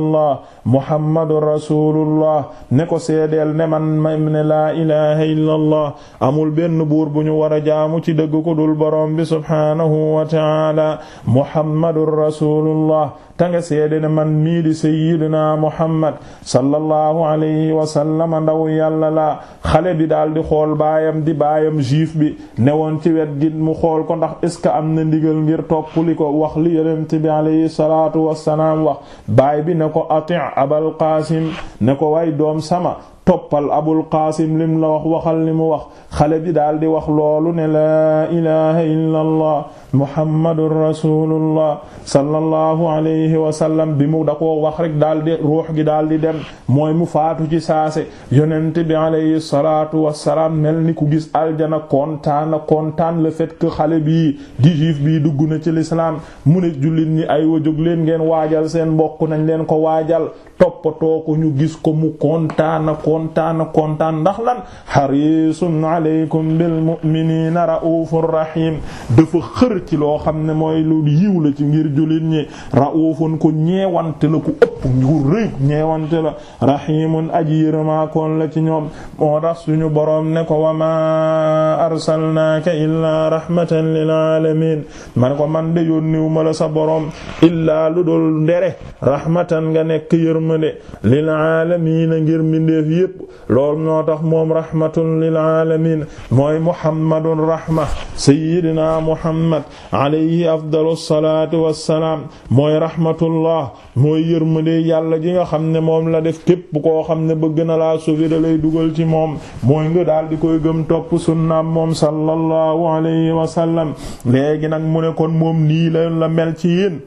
muhammadu rasulullah ne ko seedeel ne man ma ne laa ilaha illa amul benn buur bu ñu war a jaamu ci dëgg ko dul boroom bi subhaanahu wa taala muhammadur rasulullah ta nga seede ne man mii di sayyidina muhammad sallallahu alayhi wa sallam ndaw yàlla la xale bi daal di xool baayam di baayam juif bi ne newoon ci wet gi mu xool ko ndax est ce que am na ndigal ngir topp li ko wax li yonent bi alayhi salaatu wassalaam wax baay bi ne ko ati abal qaasim ne ko way doom sama toppal abul qaasim lim la wax waxal li mu wax xale bi daal di wax loolu ne la ilaha illa allah muhammadun rasulullah sallallahu alayhi wa bi mu da koo wax rek daal di ruux gi daal di dem mooy mu faatu ci saase yonent bi alayhi salatu wasalaam mel ni ku gis aljana kontaan na kontaan le fait xale bi di juif bii dugg na ci l'islam mu ne jullit ñi ay wa jóg leen ngeen waajal seen mbokk nañ leen ko waajal toppatoo ñu gis ko mu kontaana kontaana kontaan ndax lan harisun aleykum bil mu'minina raufur rahim dafa xër ci loo xam ne mooy lu yiw la ci ngir jullit ñi raufun ko ñeewante la ku ëpp ngu rëy ñeewante la rahimun aji yërëmaakoon la ci ñoom moo tax suñu borom ne ko wa ma arsalnaaka illaa rahmatan lil man ko man de yónniwu ma sa borom illaa lu dul ndere rahmatan nga nekk yërëm yërmande lil aalamiina ngir mbindeef yépp lool noo tax moom rahmatun lil aalamiin mooy muhammadun rahma sayyidina muhammad alayhi afdalu salaatu wassalaam mooy rahmatullah mooy yërmande yàlla ji nga xam ne moom la def képp ko xam ne bëgg na laa sauver da lay dugal ci moom mooy nga daal di koy gëm topp sunnaam moom sallallahu alayhi wa sallam léegi mu ne kon moom nii la mel ci yéen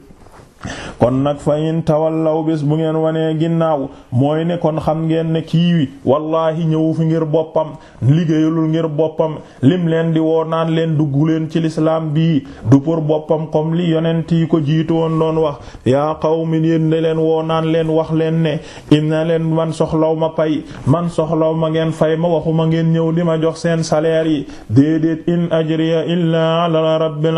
kon nag fa tawal tawallaw bés bu ngeen wanee ginnaaw mooy ne kon xam ngeen ne kii wi wallaahi ñëwu fi ngir boppam liggéeyalul ngir boppam lim leen di woo naan leen dugg leen ci lislaam bii du pour boppam comme li yonent yi ko jiitu woon doon wax yaa qawmi yéen ne leen woo naan leen wax leen ne inna leen man soxlaw ma pay man soxlaw ma ngeen fay ma waxuma ngeen ñëw di ma jox seen salaire yi déedéet in ajriya illaa ala rabbil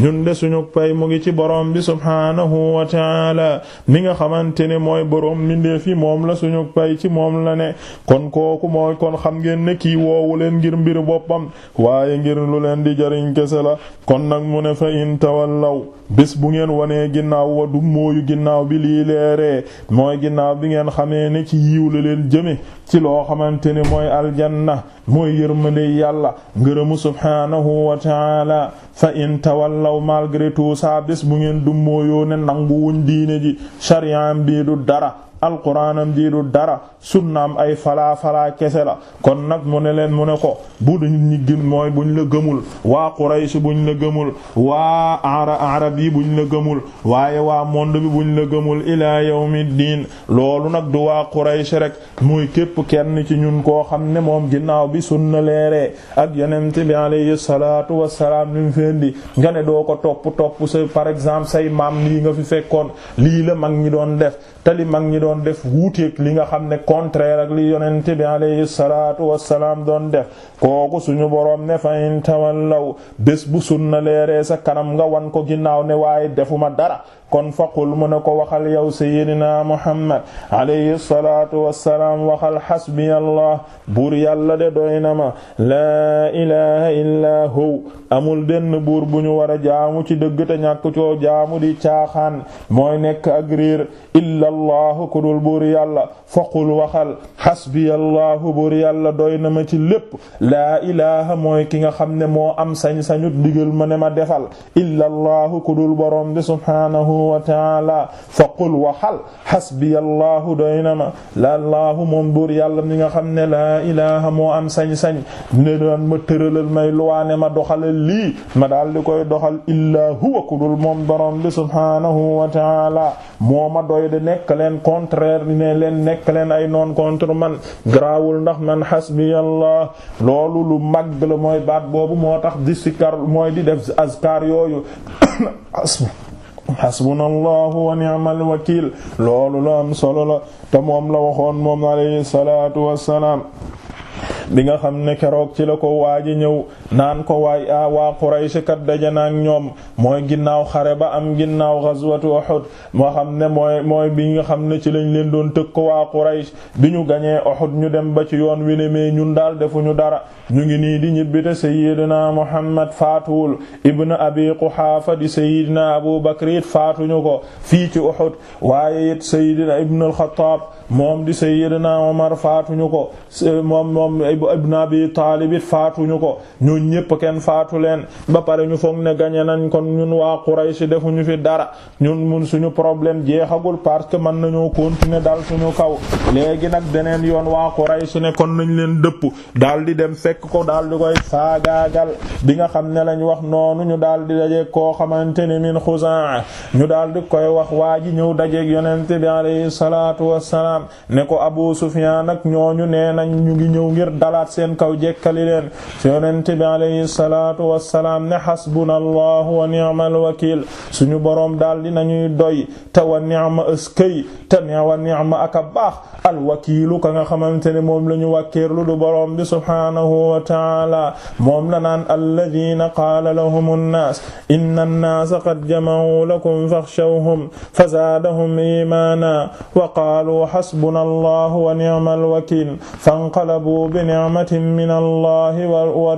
ñun de pay mu ngi ci borom subhaanahu wa taala mi nga xamante ne mooy borom mbindeef yi moom la suñu pay ci moom la ne kon kooku mooy kon xam ngeen ne kii woowu leen ngir mbir boppam waaye ngir lu leen di jariñ kese la kon nag mu ne fa in tawallaw bés bu ngeen wanee ginnaaw wa du mooyu ginnaaw bi lii leeree mooy ginnaaw bi ngeen xamee ne ci yiw la leen jëme ci loo xamante ne mooy aljanna mooy yërmande yàlla ngërëmu subhanahu wa taala fa inta tawallaw malgré tout ça bés bu ngeen dummóoyoo ne nangu wuñ diine ji shariam bi du dara alquraanam ji du dara sunnaam ay falaa falaa kese la kon nag mu ne leen mu ne ko bu du ñi mooy buñ la gëmul waa Quraysh buñ la gëmul waa arab yi buñ la gëmul waaye waa monde bi buñ la gëmul ilaa yawmiddiin loolu nag du waa Quraysh rek muy képp kenn ci ñun koo xam ne moom ginnaaw bi sunna leeree ak yeneen bi alayhi salaatu wassalaam ni mu fendi nga ne doo ko topp topp sa par exemple say maam lii nga fi fekkoon lii la mag ñi doon def tali ñi doon def wuuteeg li nga xam ne contraire ak li yonent bi alayhi salaatu wassalaam doon def kooku suñu boroom ne fa in law bés bu sunna leeree sa kanam nga wan ko ginnaaw ne waaye ma dara kon faqul mu ne ko waxal yow sayyidina muhammad alayhi salatu wassalaam waxal hasbiya allah buur yàlla de doy na ma laa hu amul benn buur bu ñu war a jaamu ci dëgg te ñàkk coo jaamu di caaxaan mooy nekk ak riir ku dul buur yàlla faqul waxal hasbiya allah buur yàlla doy na ma ci lépp laa ilaha mooy ki nga xam ne moo am sañ-sañu digal ma ne ma defal illa allahu ku dul borom bi subhaanahu wa taala qul waxal hasbiyallahu doy na ma la allahu moom buur yàlla mi nga xam ne laa ilaha moo am sañ-sañ ne daan ma tëralal may luwaane ma doxalal lii ma daal di koy doxal illaa huwa ku dul moom borom bi subhanahu wa taala moo ma doy de nekk leen contraire ne leen nekk leen ay non contre man garaawul ndax man hasbiyallah loolu lu mag la mooy baat boobu moo tax di sikar mooy di def azkar yooyu (coughs) xasbuna allahu wa ni'mal wakiil loolu la am solo la te moom la waxoon moom alayhi salaatu wassalaam bi nga xam ne keroog ci la ko waaji ñëw naan ko waay a ah, waa Quraysh kat daje na ak ñoom mooy ginnaaw xare ba am ginnaaw ghazwatu Uhud moo xam ne mooy mooy bi nga xam ne ci lañ leen doon tëkk ko waa Quraysh bi ñu gañee Uhud ñu dem ba ci yoon wi ne mais ñun daal defu ñu dara ñu ngi nii di ñibbite sayyidina Muhammad faatuwul ibn Abi Quhaafa di sayyidina Abu Bakr faatuñu ko fii ci Uhud waaye it sayyidina ibn al moom di sayyidina Umar faatuñu ko moom moom ibn Abi Taalib it faatuñu ko ñun ñëpp kenn faatu leen ba pare ñu foog ne gañe nañ kon ñun waa Quraysh defuñu fi dara ñun mun suñu problème jeexagul parce que mën nañoo continuer dal suñu kaw léegi nag beneen yoon waa Quraysh ne kon nañ leen dëpp daal di dem fekk ko daal di koy faagaagal bi nga xam ne lañ wax noonu ñu daal di dajeeg koo xamante ne min Xuzaa ñu daal di koy wax waa ji ñëw dajeeg yonent bi alayhi salaatu salaam ne ko Abu Sufyaan nag ñooñu nee nañ ñu ngi ñëw ngir dalaat seen kaw jekkali leen yonent bi alayhi salaatu wassalaam ne xasbuna allahu wa ni'mal wakiil suñu boroom daal di nañuy doy te wa ni'ma ëskay te ne wa ni'ma ak a baax al wakiilu ka nga xamante ne moom la ñu wàkkeerlu du boroom bi subhaanahu wa ta'aala moom la naan alladhiina qaala lahum an-naas inna an-naasa qad jama'u lakum fakhshawhum fazaadahum iimaana wa qaalu xasbuna allah wa ni'mal wakiil fanqalabuu bi ni'matin min allah wa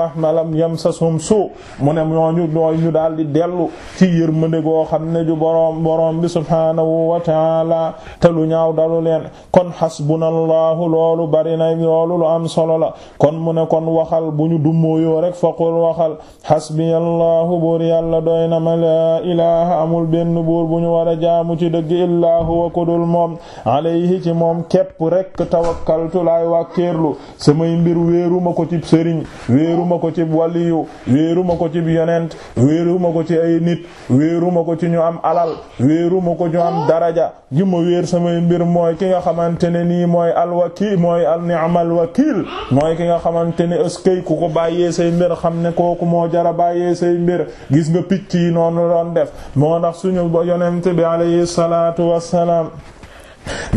rahma lam yamsashum suu mu ne ñooñu ñooy ñu daal di dellu ci yërmande goo xam ne ju boroom boroom bi subhaanahu wa ta'aala te lu ñaaw dalu leen kon xasbuna allah loolu bari na loolu lu am solo la kon mu ne kon waxal bu ñu dummóoyoo rek faqul waxal xasbiya allahu buur yàlla doy na ma laa ilaaha amul benn buur bu ñu war a jaamu ci dëgg illaa huwa kudul moom alayhi ci moom képp rek tawakkaltu laay wàkkeerlu samay mbir wéeruma ko ci sëriñ wéeruma ko ci waliyu wéeruma ko ci yonent wéeruma ko ci ay nit wéeruma ko ci ñu am alal wéeruma ko ñu am daraja ji ma wéer samay mbir mooy ki nga xamante ne nii mooy alwakil mooy al mooy ki nga xamante ne ëskay ku ko bàyyee say mbir xam ne kooku moo jara bàyyee say mbir gis nga picc yi noonu doon def moo tax suñu yonent bi alayhi salaatu wassalaam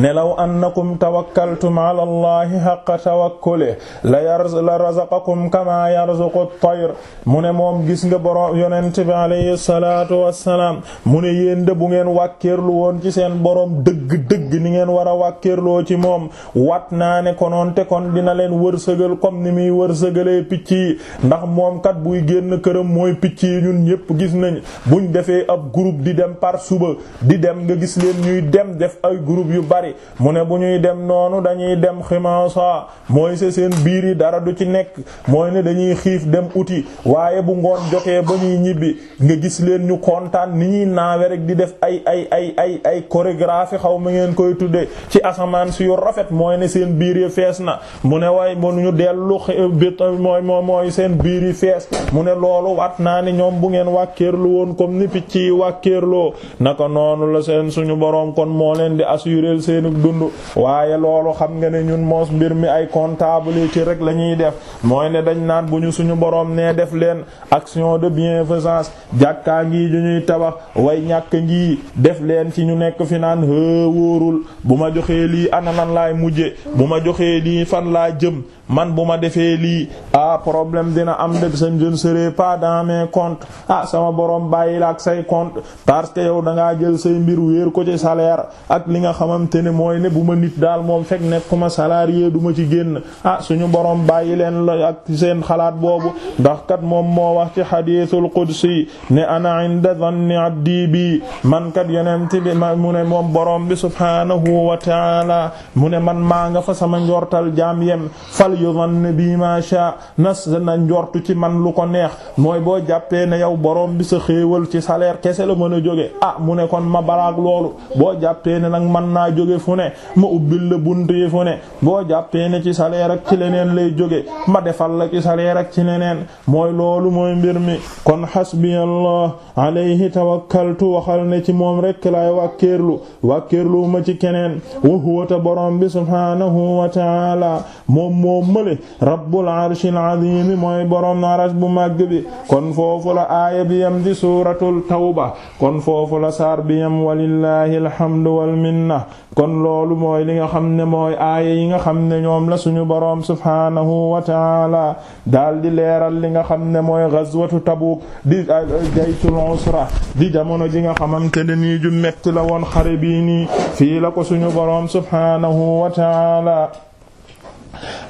ne law annakum tawakkaltum ala allahi haqqa tawakkulihi la la razaqakum kama yarzuqu at-tayr mu ne moom gis nga borom yonent bi alayhi salaatu wassalaam mu ne yéen de bu ngeen wàkkeerlu woon ci seen borom dëgg-dëgg ni ngeen war a wàkkeerloo ci moom wat naa ne konoon te kon dina leen wërsëgal comme ni muy wërsëgalee picc yi ndax moom kat buy génn këram mooy picc yi ñun ñépp gis nañ buñ defee ab groupe di dem par suba di dem nga gis leen ñuy dem def ay groupe yu bari mu ne bu ñuy dem noonu dañuy dem ximaasa mooy se seen biir yi dara du ci nekk mooy ne dañuy xiif dem uti waaye bu ngoon jotee ba ñuy ñibbi nga gis leen ñu kontaan ni ñuy naawe rek di def ay ay ay ay ay chorégraphie xaw ma ngeen koy tuddee ci asamaan si yu rafet mooy ne seen biir yi fees na mu ne waaye mënuñu dellu bit mooy mooy seen biir yi fees mu ne loolu wat naa ni ñoom bu ngeen wàkkeerlu woon comme ni picc yi wàkkeerloo naka noonu la seen suñu boroom wéyal seenu dund waaye loolu xam nga ne ñun moos mbir mi ay comptabilité rek la ñuy def mooy ne dañ naan bu ñu suñu boroom nee def leen action de bienfaisance jàkkaa ngi ju ñuy tabax way ñàkk ngi def leen ci ñu nekk fi naan wóorul bu ma joxee lii ana nan laay mujje bu ma joxee lii fan laa jëm man bu ma defee lii ah problème dina am de sa je ne serai pas dans mes comptes ah, sama borom bàyyi la ak say compte parce que yow da ngaa jël say mbir wéer ko ci salaire ak li nga xamante ne mooy ne bu ma nit daal moom fekk nekkuma salarié du duma ci génn ah suñu boroom bàyyi leen la ak seen xalaat boobu ndax kat moom moo wax ci hadithul qudsi ne ana inda dhanni di bi man kat yonent bi mu ne moom borom bi subhanahu wa ta'ala mu ne man maa nga fa sama njortal jaam yem yudann bi ma sha na njortu ci man lu ko neex mooy boo jàppee ne yow boroom bi sa xéewal ci salaire kese la mën a jóge ah mu ne kon ma balaag loolu boo jàppee ne nag man naa joge fu ne ma ubbil la bunt yi fu ne boo jàppee ne ci salaire ak ci leneen lay jóge ma defal la ci salaire ak ci leneen mooy loolu mooy mbir mi kon hasbiyallah alayhi tawakkaltu waxal ne ci moom rekk laay wàkkeerlu wàkkeerlu ma ci keneen wa huwa ta bi subhanahu wa moom mële rabbul arshil azim mooy borom arash bu màgg bi kon foofu la aaya bi yam di suuratul tawba kon foofu la saar bi yam walillahi alhamdu wal minna kon loolu mooy li nga xam ne mooy aaya yi nga xam ne ñoom la suñu borom subhanahu wa taala daal di leeral li nga xam ne mooy ghazwatu Tabuk di jaytul usra di jamono ji nga xamante ne nii ju la won xare bii nii la ko suñu borom subhanahu wa taala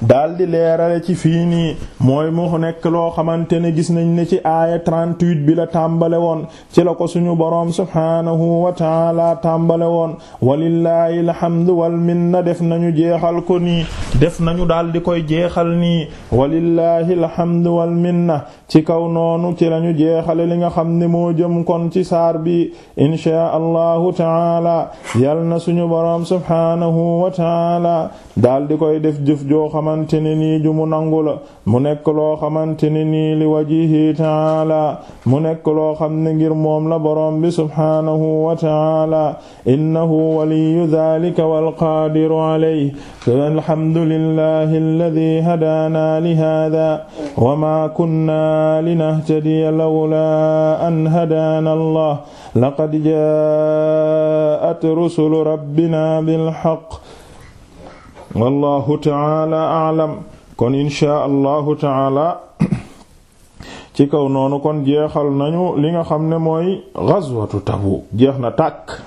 daal di leerale ci fii nii mooy mu nekk loo xamante ne gis nañ ne ci aaya 38 bi la tàmbale woon ci la ko suñu boroom subhaanahu wa taala tàmbale woon walillahi alhamdu wal minna def nañu jeexal ko nii def nañu daal di koy jeexal nii walillahi alhamdu wal minna ci kaw noonu ci lañu jeexale li nga xam ne moo jëm kon ci saar bi inshaa allahu taala yal na suñu boroom subhaanahu wa taala daal koy def jëf yoo xamante ne nii ju mu nangu la mu nekk loo xamante ne nii li wajihi taala mu nekk loo xam ne ngir moom la boroom bi subhaanahu wa taala innahu waliyu dhalika walqaadiru alayhi alhamdulillahi alladhi hadaana li haadha wa ma kunna linahtadiya lawla an hadaana allah laqad jaa'at rusulu rabbina bil haqq wallahu taala alam kon inchaa allahu taala (coughs) ci kaw noonu kon jeexal nañu li nga xam ne mooy ghazwatu Tabuk jeex na tàkk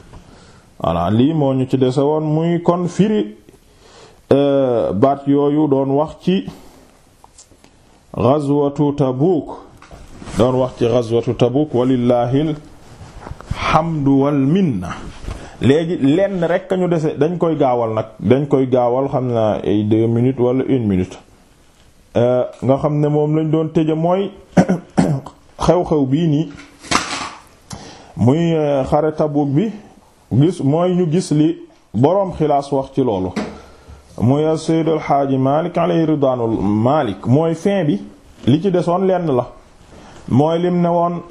voilà lii moo ñu ci dese woon muy kon firi euh, baat yooyu doon wax ci ghazwatu Tabuk doon wax ci ghazwatu Tabuk walillahi alhamdu wal minna léegi lenn rek ñu dese dañ koy gaawal nag dañ koy gaawal xam na ay deux minutes wala une minute euh, nga xam ne moom lañ doon tëje mooy (coughs) xew-xew bii nii muy euh, xare Tabuk bi gis mooy ñu gis li boroom xilaas wax ci loolu muy Sayyid al Haaji Malik alayhi ridwaanul Malik mooy fin bi li ci desoon lenn la mooy lim ne woon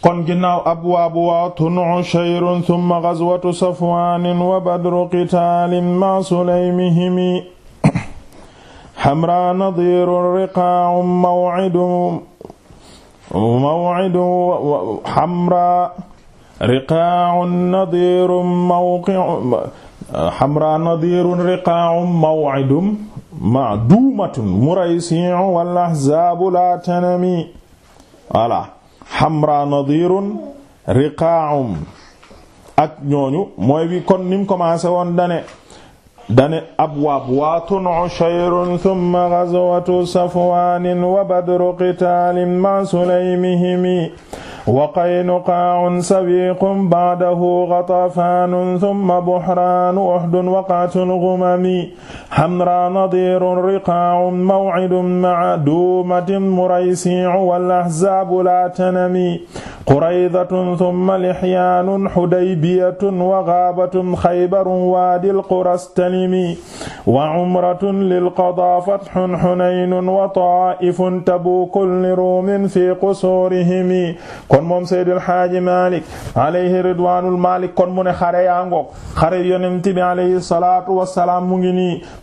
kon ginnaaw abwaabu waatun ushayrun thumma ghazwatu safwaanin wa badru qitaalin ma sulaymihimi (coughs) hamraa nadiirun riqaa'un maw'idun maw'idun hamraa riqaa'un nadiirun mawqi'un hamraa nadiirun riqaa'un maw'idun ma'duumatun muraysi'un wal ahzaabu laa tanami voilà xamra nadirun riqaa'um ak ñooñu mooy bi kon nim commencé woon dane dane abwaab waatun ushayrun thumma ghazwatu safwaanin wa badru qitaalin ma sulaymihimi wa qaynuqaa'un sawiiqun ba'dahu ghatafaanun thumma buhraanu uhdun waqa'atul ghumami hamraa nadiirun riqaa'un maw'idun ma'a duumatin muraysii'u wal ahzaabu laa tanami quraydatun thumma lihyaanun hudaybiyatun wa ghaabatun khaybarun waadil qura stalimi wa 'umratun lil qadaa fathun hunaynun wa taa'ifun tabuukun liruumin fii qusuurihim kon moom Seydil Haaji Malik alayhi ridwanul Malik kon mu ne xare yaa ngoog xare yonent bi alayhi salaatu wassalaam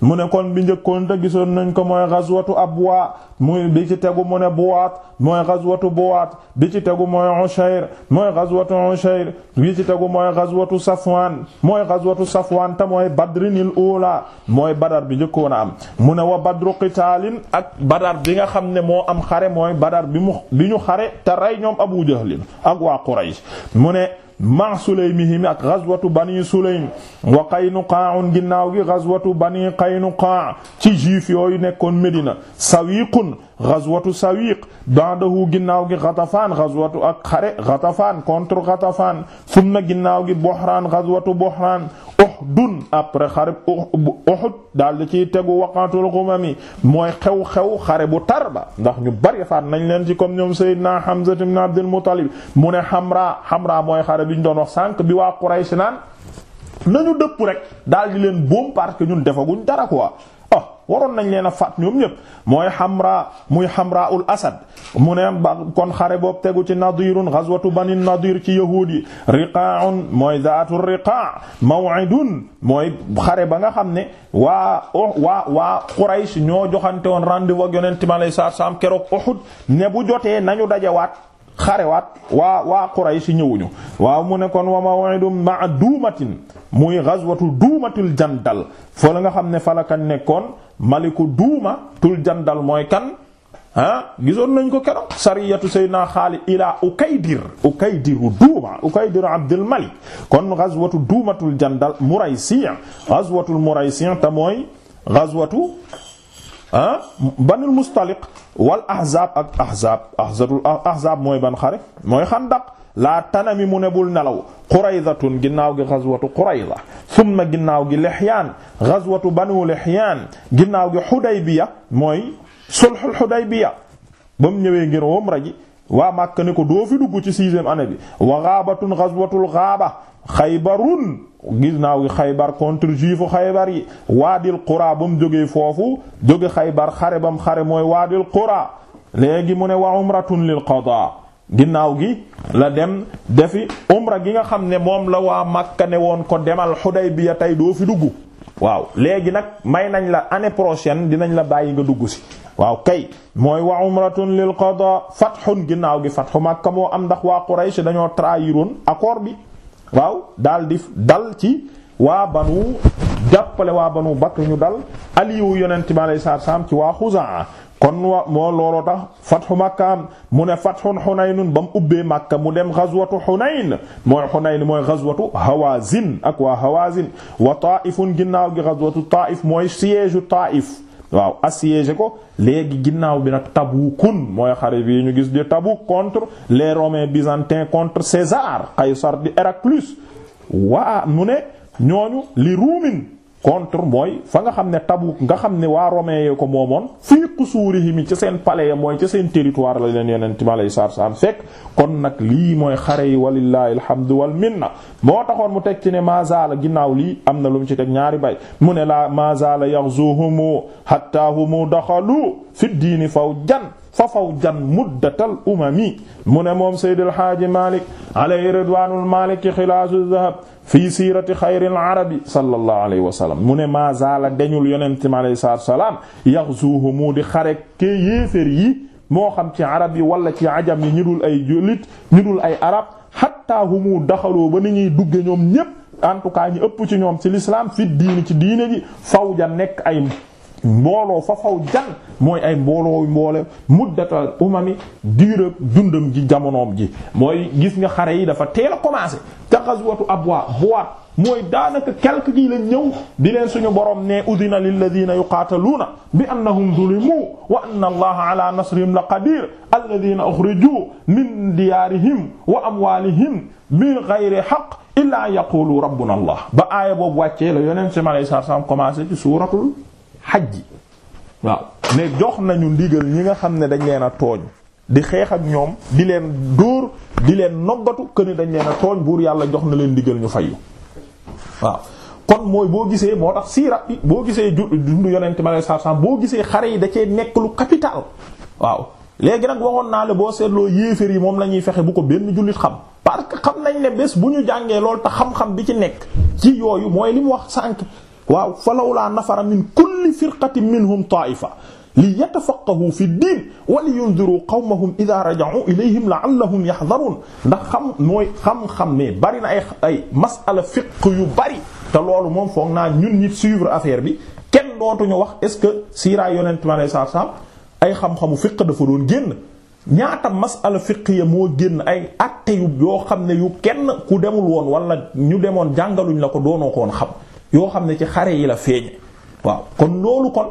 mu kon bi njëkkoon te gisoon nañ ko mooy ghazwatu Abwa muy bi ci tegu mu ne Buwaat mooy gazwatu Buwaat bi ci tegu mooy Ushayr mooy gazwatu Ushayr bi ci tegu mooy gazwatu Safwaan mooy gazwatu Safwaan te mooy badrinil ula mooy badar bi njëkkoon a am mu ne wa badru qitaalin ak badar bi nga xam ne moo am xare mooy badar bi mu bi ñu xare te rey ñoom Abu Jahlin ak waa Quraysh mu ma sulaymihim ak ghazwatu bani sulaym wa qaynuqaa'un ginnaaw gi ghazwatu bani qaynuqaa' ci juif yooyu nekkoon Medina sawiqun ghazwatu sawiq ba'dahu ginnaw gi ghatafaan ghazwatu ak xare ghatafaan contre ghatafaan thumma ginnaaw gi bohraan ghazwatu bohraan Uhdun après xare Uhud daal di ciy tegu waqatul ghumami mooy xew-xew xare bu tar ba ndax ñu bari faat nañ leen ci comme ñoom Seydina Hamza ibn Abdul Muttalib mu ne Hamra Hamra mooy xare bi ñu doon wax sànq bi waa Quraysh naan nañu dëpp rek daal di leen boom parce que ñun defaguñ dara quoi. waroon nañ leen a faat ñoom ñëpp mooy Hamra muy Hamra ul Asad mu ne kon xare boobu tegu ci nadirun ghazwatu bani nadir ci yahuud yi mooy mooy zaatul riqa' maw'idun mooy xare ba nga xam ne waa o waa waa ñoo joxante woon rendez-vous ak yonent mi alayhi salaatu keroog Uhud ne bu jotee nañu dajewaat xarewaat waa waa Quraysh ñëwuñu waaw mu ne kon wa maw'idum ma'a duumatin muy ghazwatu duumatil jandal foo la nga xam ne falakan nekkoon maliku duuma tul jandal mooy kan ah gisoon nañ ko keroog sariyatu sayyidina Xaalid ila Ukaydir Ukaydiru duuma Ukaydiru Abdul kon ghazwatu duumatul jandal Muraysi' ghazwatul Muraysi' te mooy ghazwatu ah banul mooy ban xare mooy Xandaq laa tanami mu ne bul nelaw quraydatun ginnaaw gi ghazwatu qurayza summa ginnaaw gi lihyaan ghazwatu banu lihyaan ginnaaw gi hudaybiya mooy sulhul hudaybiya ba mu ñëwee ngir umra ji waa Makka ne ko doo fi dugg ci sixième année bi wa ghaabatun ghazwatul ghaaba xaybarun ginnaaw gi xaybar contre juifu xaybar yi waadil qura ba mu jógee foofu jóge xaybar xare bam xare mooy waadil qura léegi mu ne wa umratun lil qadaa ginnaaw gi la dem defi umra gi nga xam ne moom la waa Makka ne woon ko demal Xudaybiya tey doo fi dugg waaw léegi nag may nañ la année prochaine dinañ la bàyyi nga dugg si waaw kay mooy wa umratun lil qada fathun ginnaaw gi fathu Makka moo am ndax waa Quraysh dañoo trahiroon accord bi waaw dal di dal ci waa banu jàppale waa banu bakk ñu dal aliwu yonent bi alayhi salaam ci waa Xuzaa kon wa moo looloo tax fatxu makkaam mu ne fatxun xunaynun ba mu ubbee makka mu dem xazwatu xunayn mooy xunayn mooy xazwatu hawazin ak wa taifun ginnaaw gi xazwatu taif mooy siège taif waaw assiégé ko léegi ginnaaw bi nag tabukun mooy xare bi ñu gis di tabuk contre les romains byzantins contre César Qaysar di Héraclius waa mu ne ñooñu li ruumin contre mooy fa nga xam ne Tabuk nga xam ne waa romain yee ko moomoon fii qusurihim ci seen palais ya mooy ci seen territoire la leen yonent mi alayhi salaatu salaam fekk kon nag lii mooy xare yi walillahi alhamdu wal moo taxoon mu teg ci ne mazala ginnaaw lii am na lu mu ci teg ñaari bay mu ne laa mazala yaxzuhumu hatta humu daxalu fi diini faw jan fa faw jan muddatal umami mu ne moom Seydil Haaji Malik alayhi ridwaanul Maliki xilaasu zahab fii siirati xayril arabi sallallahu alayhi wa sallam mu ne maa zaala deñul yonente mi alayhi salaatu salaam yaxzuuhu mu di xare kee yéeféer yi moo xam ci arab yi wala ci ajam yi ñu dul ay jullit ñu dul ay arab xatta humu daxaloo ba ni ñuy dugge ñoom ñépp en tout cas ëpp ci ñoom ci l'islam fi diini ci diine ji faw ja nekk ay mbooloo fa faw jan mooy ay mbooloo mboole muddatal umami diirab dundam ji jamonoom ji mooy gis nga xare yi dafa teel a commencé ca xaswatu abwa buwaat mooy daanaka quelque gi la ñëw di leen suñu borom ne udina lilladina yuqaataluuna bi annahum zulimu wa anna allaha ala nasrihim la qadir alladina uxriju min diyaarihim wa amwalihim bi ghayri haqq illa yaqulu rabbuna allah ba aaya boobu wàccee la yoneen si ma lay commencé ci suuratul xaj ji waaw ne jox nañu ndigal ñi nga xam ne dañ leen a tooñ di xeex ak ñoom di leen dóor di leen noggatu que ni dañ leen a tooñ buur yàlla jox na leen ndigal ñu fayyu waaw kon mooy boo gisee moo tax siira boo gisee ju dundu yonente ma lay sa boo gisee xare yi da cee nekk lu capital waaw léegi nag wowoon naa la boo seetloo yéeféer yi moom la ñuy fexe bu ko benn jullit xam parce que xam nañ ne bés bu ñu jàngee lool tax xam-xam bi ci nekk ci yooyu mooy li mu wax sànq waaw fa lawlaa nafara min kulli firqatin minhum ta'ifa li yatafaqqahu fi diin wa li yundiru qawmahum idha raja'u ilayhim la'allahum yahdharun ndax xam mooy xam-xam ne bari na ay ay masala fiq yu bari te loolu moom foog naa ñun ñi suivre affaire bi kenn dootuñu wax est-ce que siiraay yonent mi alayhi salaatu ay xam-xamu fiq dafa doon génn ñaata masala fiq yi moo génn ay atte yu yoo xam ne yu kenn ku demul woon walla ñu demoon jàngaluñ la ko doonoo ko woon xam. yoo xam ne ci xare yi la feeñe waaw kon loolu kon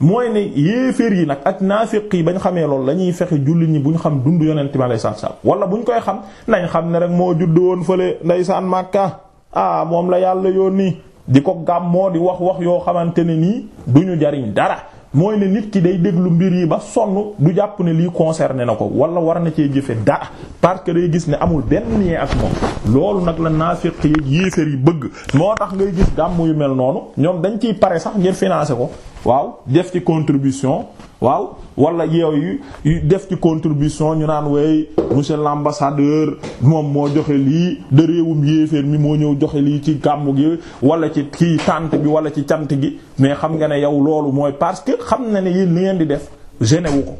mooy ne yéeféer yi nag ak naafiq yi bañ xamee loolu la ñuy fexe jullit ñi bu ñu xam dund yonent bi alayhi salaam wala bu ñu koy xam nañ xam ne rek moo judd woon fële ndeysaan Makka ah moom la yàlla yoon nii di ko gàmmoo di wax wax yoo xamante ne nii du ñu jariñ dara mooy ne nit ki day déglu mbir yi ba sonn du jàpp ne lii concerné na ko wala war na cee jëfe dara parce que day gis ne amul benn lien ak moom loolu nag la naafiq yi yéeféer yi bëgg moo tax ngay gis gàmm yu mel noonu ñoom dañ ciy pare sax ngir financer ko waaw def ci contribution waaw wala yooyu def ci contribution ñu naan wey monsieur l'ambassadeur moom moo joxe lii de réewum yéeféer mi moo ñëw joxe lii ci gàmmu gi wala ci kii tànt bi wala ci cant gi mais xam nga ne yow loolu mooy parce que xam na ne yéen li ngeen di def gêné ko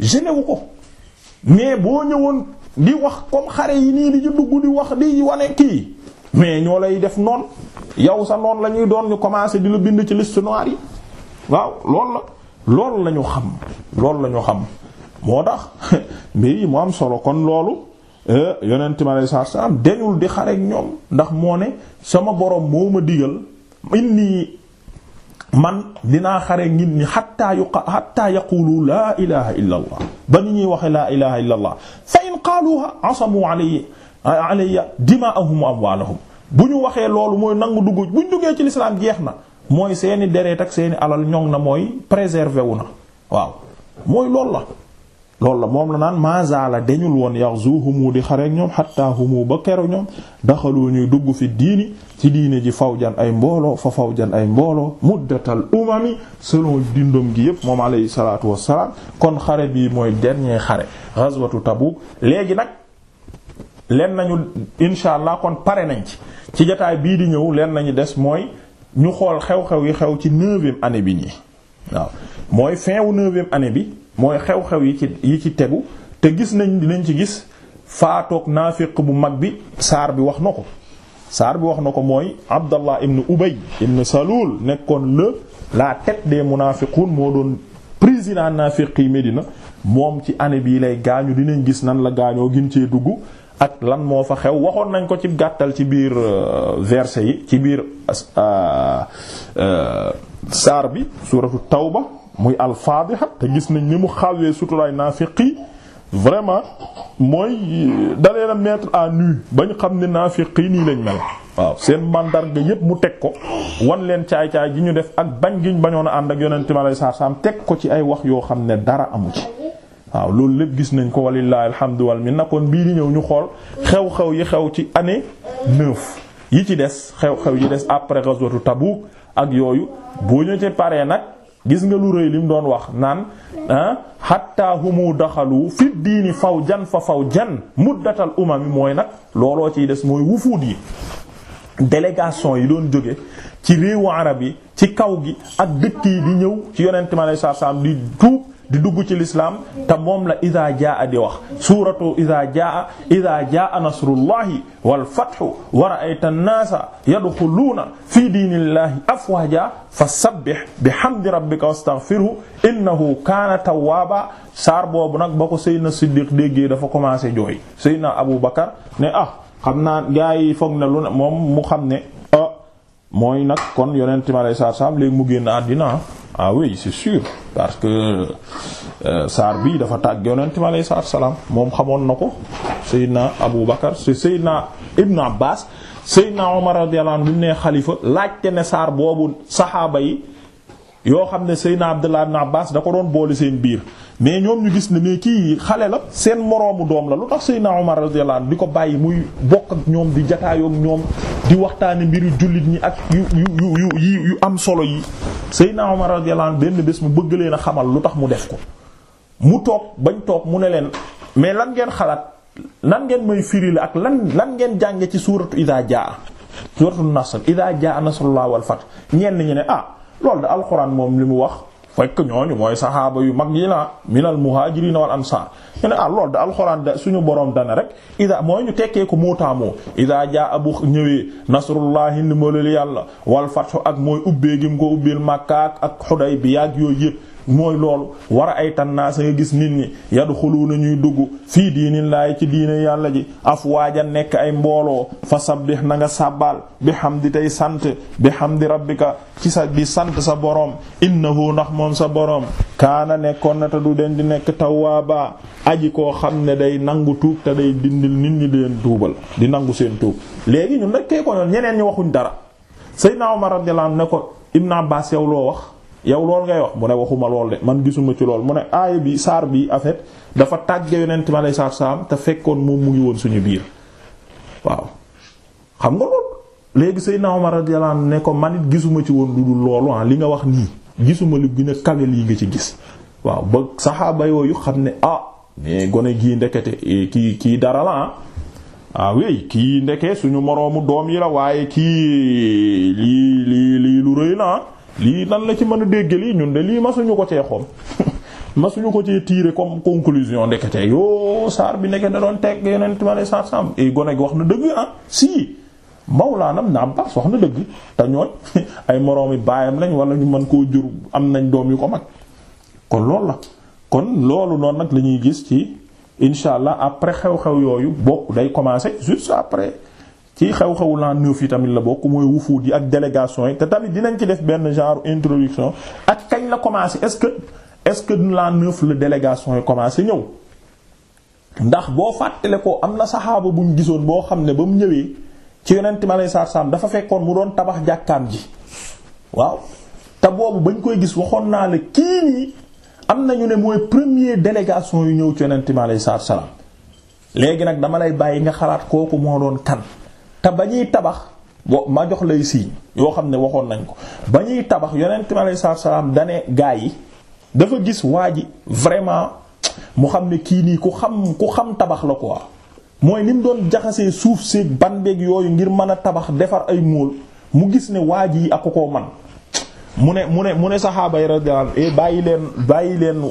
gêné ko mais boo ñëwoon di wax comme xare yi nii di dugg di wax di wane kii mais ñoo lay def noon yow sa noon la ñuy doon ñu commencé di la bind ci liste yi waaw loolu la loolu lañu xam loolu la ñu xam moo tax (laughs) mbir yi mu am solo kon loolu eh, yonent mi alayhi salaatu salaam deñul di xareek ñoom ndax moo ne sama borom moo ma digal inni man dinaa xareek nit ñi hatta yuqa hatta yaqulu laa ilaha illa allah ba ni ñuy waxee laa ilaha illa allah fa in qaaluha asamu alayya alayya dimaa'ahum wa amwaalahum bu ñu waxee loolu mooy nangu dugg bu ñu duggee ci lislaam jeex na mooy seeni deret ak seeni alal ñoŋ na mooy préservé wu na waaw mooy loolu la loolu la moom la naan la dañul woon yaxzuhumu di xareek ñoom xatta humu ba keroog ñoom daxaloo ñuy dugg fi diini ci diine ji fawjan ay mbooloo fa fawjan ay mbooloo muddatal umami selon dindom gi yépp moom alayhi salaatu wassalaam kon xare bii mooy dernier xare ghazwatu Tabuk léegi nag leen nañu insha allah kon pare nañ ci ci jataay bii di ñëw leen nañu des mooy ñu xool xew-xew yi xew ci neuvième année bi nii waaw mooy fin wu neuvième année bi mooy xew-xew yi ci yi ci tegu te gis nañ dinañ ci gis faatoog naafiq bu mag bi saar bi wax na ko saar bi wax na ko mooy Abdallah ibn Ubay ibn Salul nekkoon le la tête des munafiqun moo doon président naafiq yi Medina moom ci année bii lay gaañu dinañ gis nan la gaañoo gin cee dugg ak lan moo fa xew waxoon nañ ko ci gàttal ci biir euh, verse yi ci biir euh, euh, saar bi suratu ba muy al-Fatiha te gis nañ ni mu xawee suturaay naafiqi vraiment mooy dalee na mettre à nu ba ñu xam ne naafiqi nii lañ mel waaw seen mandarga yépp mu teg ko wan leen caay-caay ji ñu def ak bañ giñ bañoon a ànd ak yonente mi saa sat teg ko ci ay wax yoo xam ne dara amu ci waaw loolu lépp gis nañ ko walillahi alhamdu wal minna kon bii di ñëw ñu xool xew-xew yi xew ci année neuf yi ci des xew-xew yi des après ghazwatu Tabuk ak yooyu boo ñu ci paree nag gis nga lu rëy lim doon wax naan ah hatta humu daxalu fi diini faw jan fa faw jan muddatal umam yi mooy nag looloo ciy des mooy wufuud yi délégation yi doon jóge ci réewu arab yi ci kaw gi ak dëkk yi di ñëw ci yonent mi sallallahu alayhi wasallam di tuub di dugg ci lislaam te moom la idaa jaa di wax suuratu idaa jaa idaa jaa nasrullahi wal fathu wa ra'ayta an-naasa yadxuluuna fii diinillahi afwaaja fasabbih bihamdi rabbika wastaghfirhu innahu kaana tawwaaba saar boobu nag ba ko Seydina Siddiq déggee dafa commencé jooy Seydina Abu Bakar ne ah xam naa gaa yi foog na lu moom mu xam ne ah mooy nag kon yonent mi salaam léegi mu génn àddina ah. ah oui c'est sûr parce que euh, saar bii dafa tàgg yonent mi alayhi salaatu salaam moom xamoon na ko na Abu Bakar Seydina Ibn Abbas Seydina Omar radiyallahu anhu bi mu nee xalifa laajte ne saar boobu saxaaba yi yoo xam ne Seydina Abdullah ibn Abbas da ko doon boole seen biir mais ñoom ñu gis ne mais kii xale la seen moroomu doom la lu tax Seydina Omar radiyallahu anhu di ko bàyyi muy bokk ak ñoom di jataayook ñoom di waxtaane mbiru jullit ñi ak yu yu yu yu am solo yi Seydina Omar radiyallahu anhu benn bés mu bëgg leen a xamal lu tax mu def ko mu toog bañ toog mu ne leen mais lan ngeen xalaat lan ngeen may firi ak lan lan ngeen jànge ci suuratu Idaa jaa suuratu Nasr Idaa jaa laa wal fat ñenn ñi ne ah loolu da alxuraan moom li mu wax. fekk ñooñu mooy saxaaba yu mag yi la minal muhaajiriina wal ansaar ñu ah, loolu da alxuraan da suñu borom dana rek ida mooy ñu tekkee ko muutaamoo ida jaa abu ñëwee nasrullahi ndimbalul yàlla wal fathu ak mooy ubbee gi mu ko ubbil Makka ak Hudaybiya ak yooyu yëpp mooy loolu war a ay tannaasa nga gis nit ñi yadxuluuna ñuy dugg fii diinillaahi ci diine yàlla ji afwaaja nekk ay mbooloo fa sabbih na nga sàbbaal bi hamdi tey sant bi xam di rabbika ci sa di sant sa boroom innahu ndax moom sa boroom kaana nekkoon na du den di nekk tawwaaba aji koo xam ne day nangu tuub te day dindil nit ñi leen tuubal di nangu seen tuub léegi ñun nag kee ko noonu ñeneen ñi waxuñ dara Seydina Omar radiyallahu anhu ne ko Ibn Abbas yow loo wax yow lool ngay wax mu ne waxuma lool de man gisuma ci lool mu ne aaya bi saar bi en fait dafa tàgge yonent ma lay saar saam te fekkoon moom mu ngi woon suñu biir waaw xam nga léegi Seydina Omar radiyallahu anhu ne man gisuma ci woon lu dul loolu ah, li nga wax nii gisuma lu gën a kawe lii nga ci gis waaw ba saxaaba yooyu xam ne ah mais gone gii ndekete eh, kii kii dara la ah oui ah, kii ndeke suñu moroomu doom yi la waaye kii lii lii lii lu rëy la ah. lii nan la ci mën a dégg lii ñun de lii masuñu ko cee xool (laughs) masuñu ko cee tirer comme conclusion ndekete yoo saar bi ndeke da doon teg yeneen ma ne sam e eh, gone gi wax na dëgg ah si Mawlaana Ibn Abbaas wax na dëgg te ñooñ (laughs) ay moroomi baayam lañ wala ñu mën koo jur am nañ doom yu ko mag kon loolu la kon loolu noonu nag la ñuy gis ci incha allah après xew-xew yooyu bokk day commencer juste après ci xew-xewu l'an neuf yi tamit la bokk mooy wufuud yi ak délégation yi te tamit dinañ ci def benn genre introduction ak kañ la commencer est-ce que est-ce que l'an neuf la délégation yi commencer ñëw ndax boo fàttale ko am na saxaaba bu ñu gisoon boo xam ne ba mu ñëwee ci yonent mi alayhi salaam dafa fekkoon mu doon tabax jàkkaam ji waaw te boobu bañ koy gis waxoon naa am nañu ne mooy premier délégation yu ñëw ci yonent mi alayhi salaatu léegi nag dama lay bàyyi nga xalaat kooku moo doon kan te ba ñuy tabax bo ma jox lay siiñ yoo xam ne waxoon nañ ko ba ñuy tabax yonent mi alayhi salaatu dane gaa yi dafa gis waa ji vraiment mu xam ne kii nii ku xam ku xam tabax la ko quoi mooy ni mu doon jaxasee suuf si ban beeg yooyu ngir mën a tabax defar ay móol mu gis ne waa ji yi ak ko man mu ne mu ne mu ne saxaaba yi radiyallahu eh, bàyyi leen bàyyi leen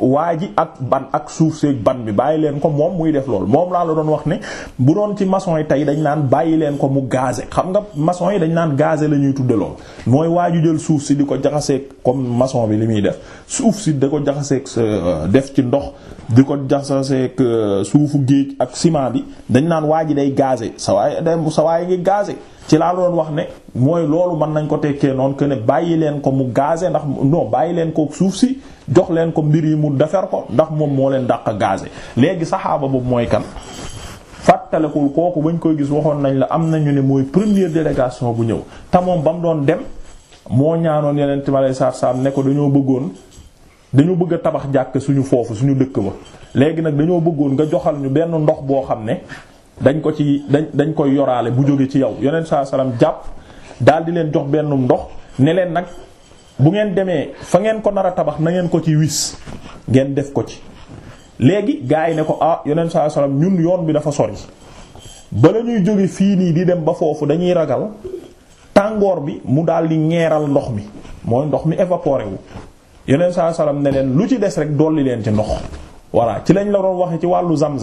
waa ji ak ban ak suuf seeg ban bi bàyyi leen ko moom muy def loolu moom laa la doon wax ne bu doon ci maçon yi tey dañ naan bàyyi leen ko mu gazé xam nga maçon yi dañ naan gazé la ñuy tudde lool mooy waa ju jël suuf si di ko jaxaseek comme maçon bi li muy def suuf si da ko jaxaseek euh, def ci ndox di ko jaxaseeg euh, suufu géej ak ciment bi dañ naan waa ji day gazé sa waay sa waay ngi gazé ci laa doon wax ne mooy loolu mën nañ ko tekkee noonu que ne bàyyi leen ko mu gazé ndax non bàyyi leen ko suuf si jox leen ko mbir yi mu defar ko ndax moom moo leen dàq gazé léegi saxaaba boobu mooy kan fàttalekul kooku bañ koy gis waxoon nañ la am nañu ne mooy première délégation bu ñëw te moom ba mu doon dem moo ñaanoon yeneen timalay saab-saab ne ko dañoo bëggoon dañoo bëgg a tabax jàkk suñu foofu suñu dëkk ba léegi nag dañoo bëggoon nga joxal ñu benn ndox boo xam ne dañ ko ci dañ dañ koy yoraale bu jógee ci yow yeneen saa salaam jàpp daal di leen jox bennum ndox ne leen nag bu ngeen demee fa ngeen ko nar a tabax na ngeen ko ci wis ngeen def ko ci. léegi gars yi ne ko ah yeneen saa salaam ñun yoon bi dafa sori ba la ñuy jóge fii nii di dem ba foofu dañuy ragal tàngoor bi mu daldi di ñeeral ndox mi mooy ndox mi évaporé wu yonent saa salaam ne leen lu ci des rek dolli leen ci ndox. voilà ci lañ la doon waxee ci wàllu zam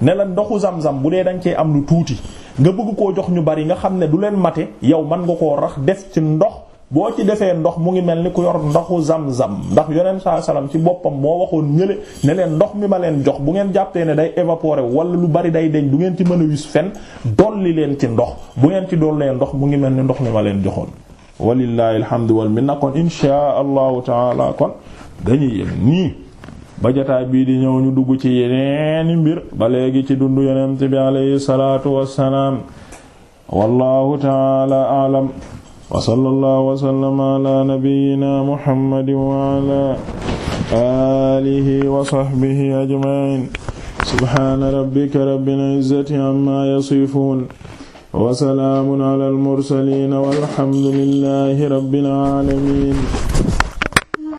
ne la ndoxu zam bu dee dañ cee am lu tuuti nga bëgg koo jox ñu bari nga xam ne du leen mate yow man nga koo rax def ci ndox boo ci defee ndox mu ngi mel ni ku yor ndoxu zam ndax yonent saa salaam boppam moo waxoon ñële ne leen ndox mi ma leen jox bu ngeen jàppee ne day évaporer wala lu bari day deñ du ngeen ci mën a wis fen dolli leen ci ndox bu ngeen ci dollee ndox mu ngi mel ni ndox mi ma leen joxoon. walillahi alhamdu wal minna kon insha allahu taala kon dañuy yem nii. ba jotaay bii di ñëw ñu dugg ci yeneeni mbir ba léegi ci dundu yonent bi alayhi salaatu wassalaam wallahu ta'ala a'lam wa sallallahu wa sallama ala nabiyyina muhammadin wa ala alihi wa sahbihi ajma'in subhana rabbika rabbil izzati amma yasifun wa salaamun ala al mursalin walhamdulillahi rabbil alamin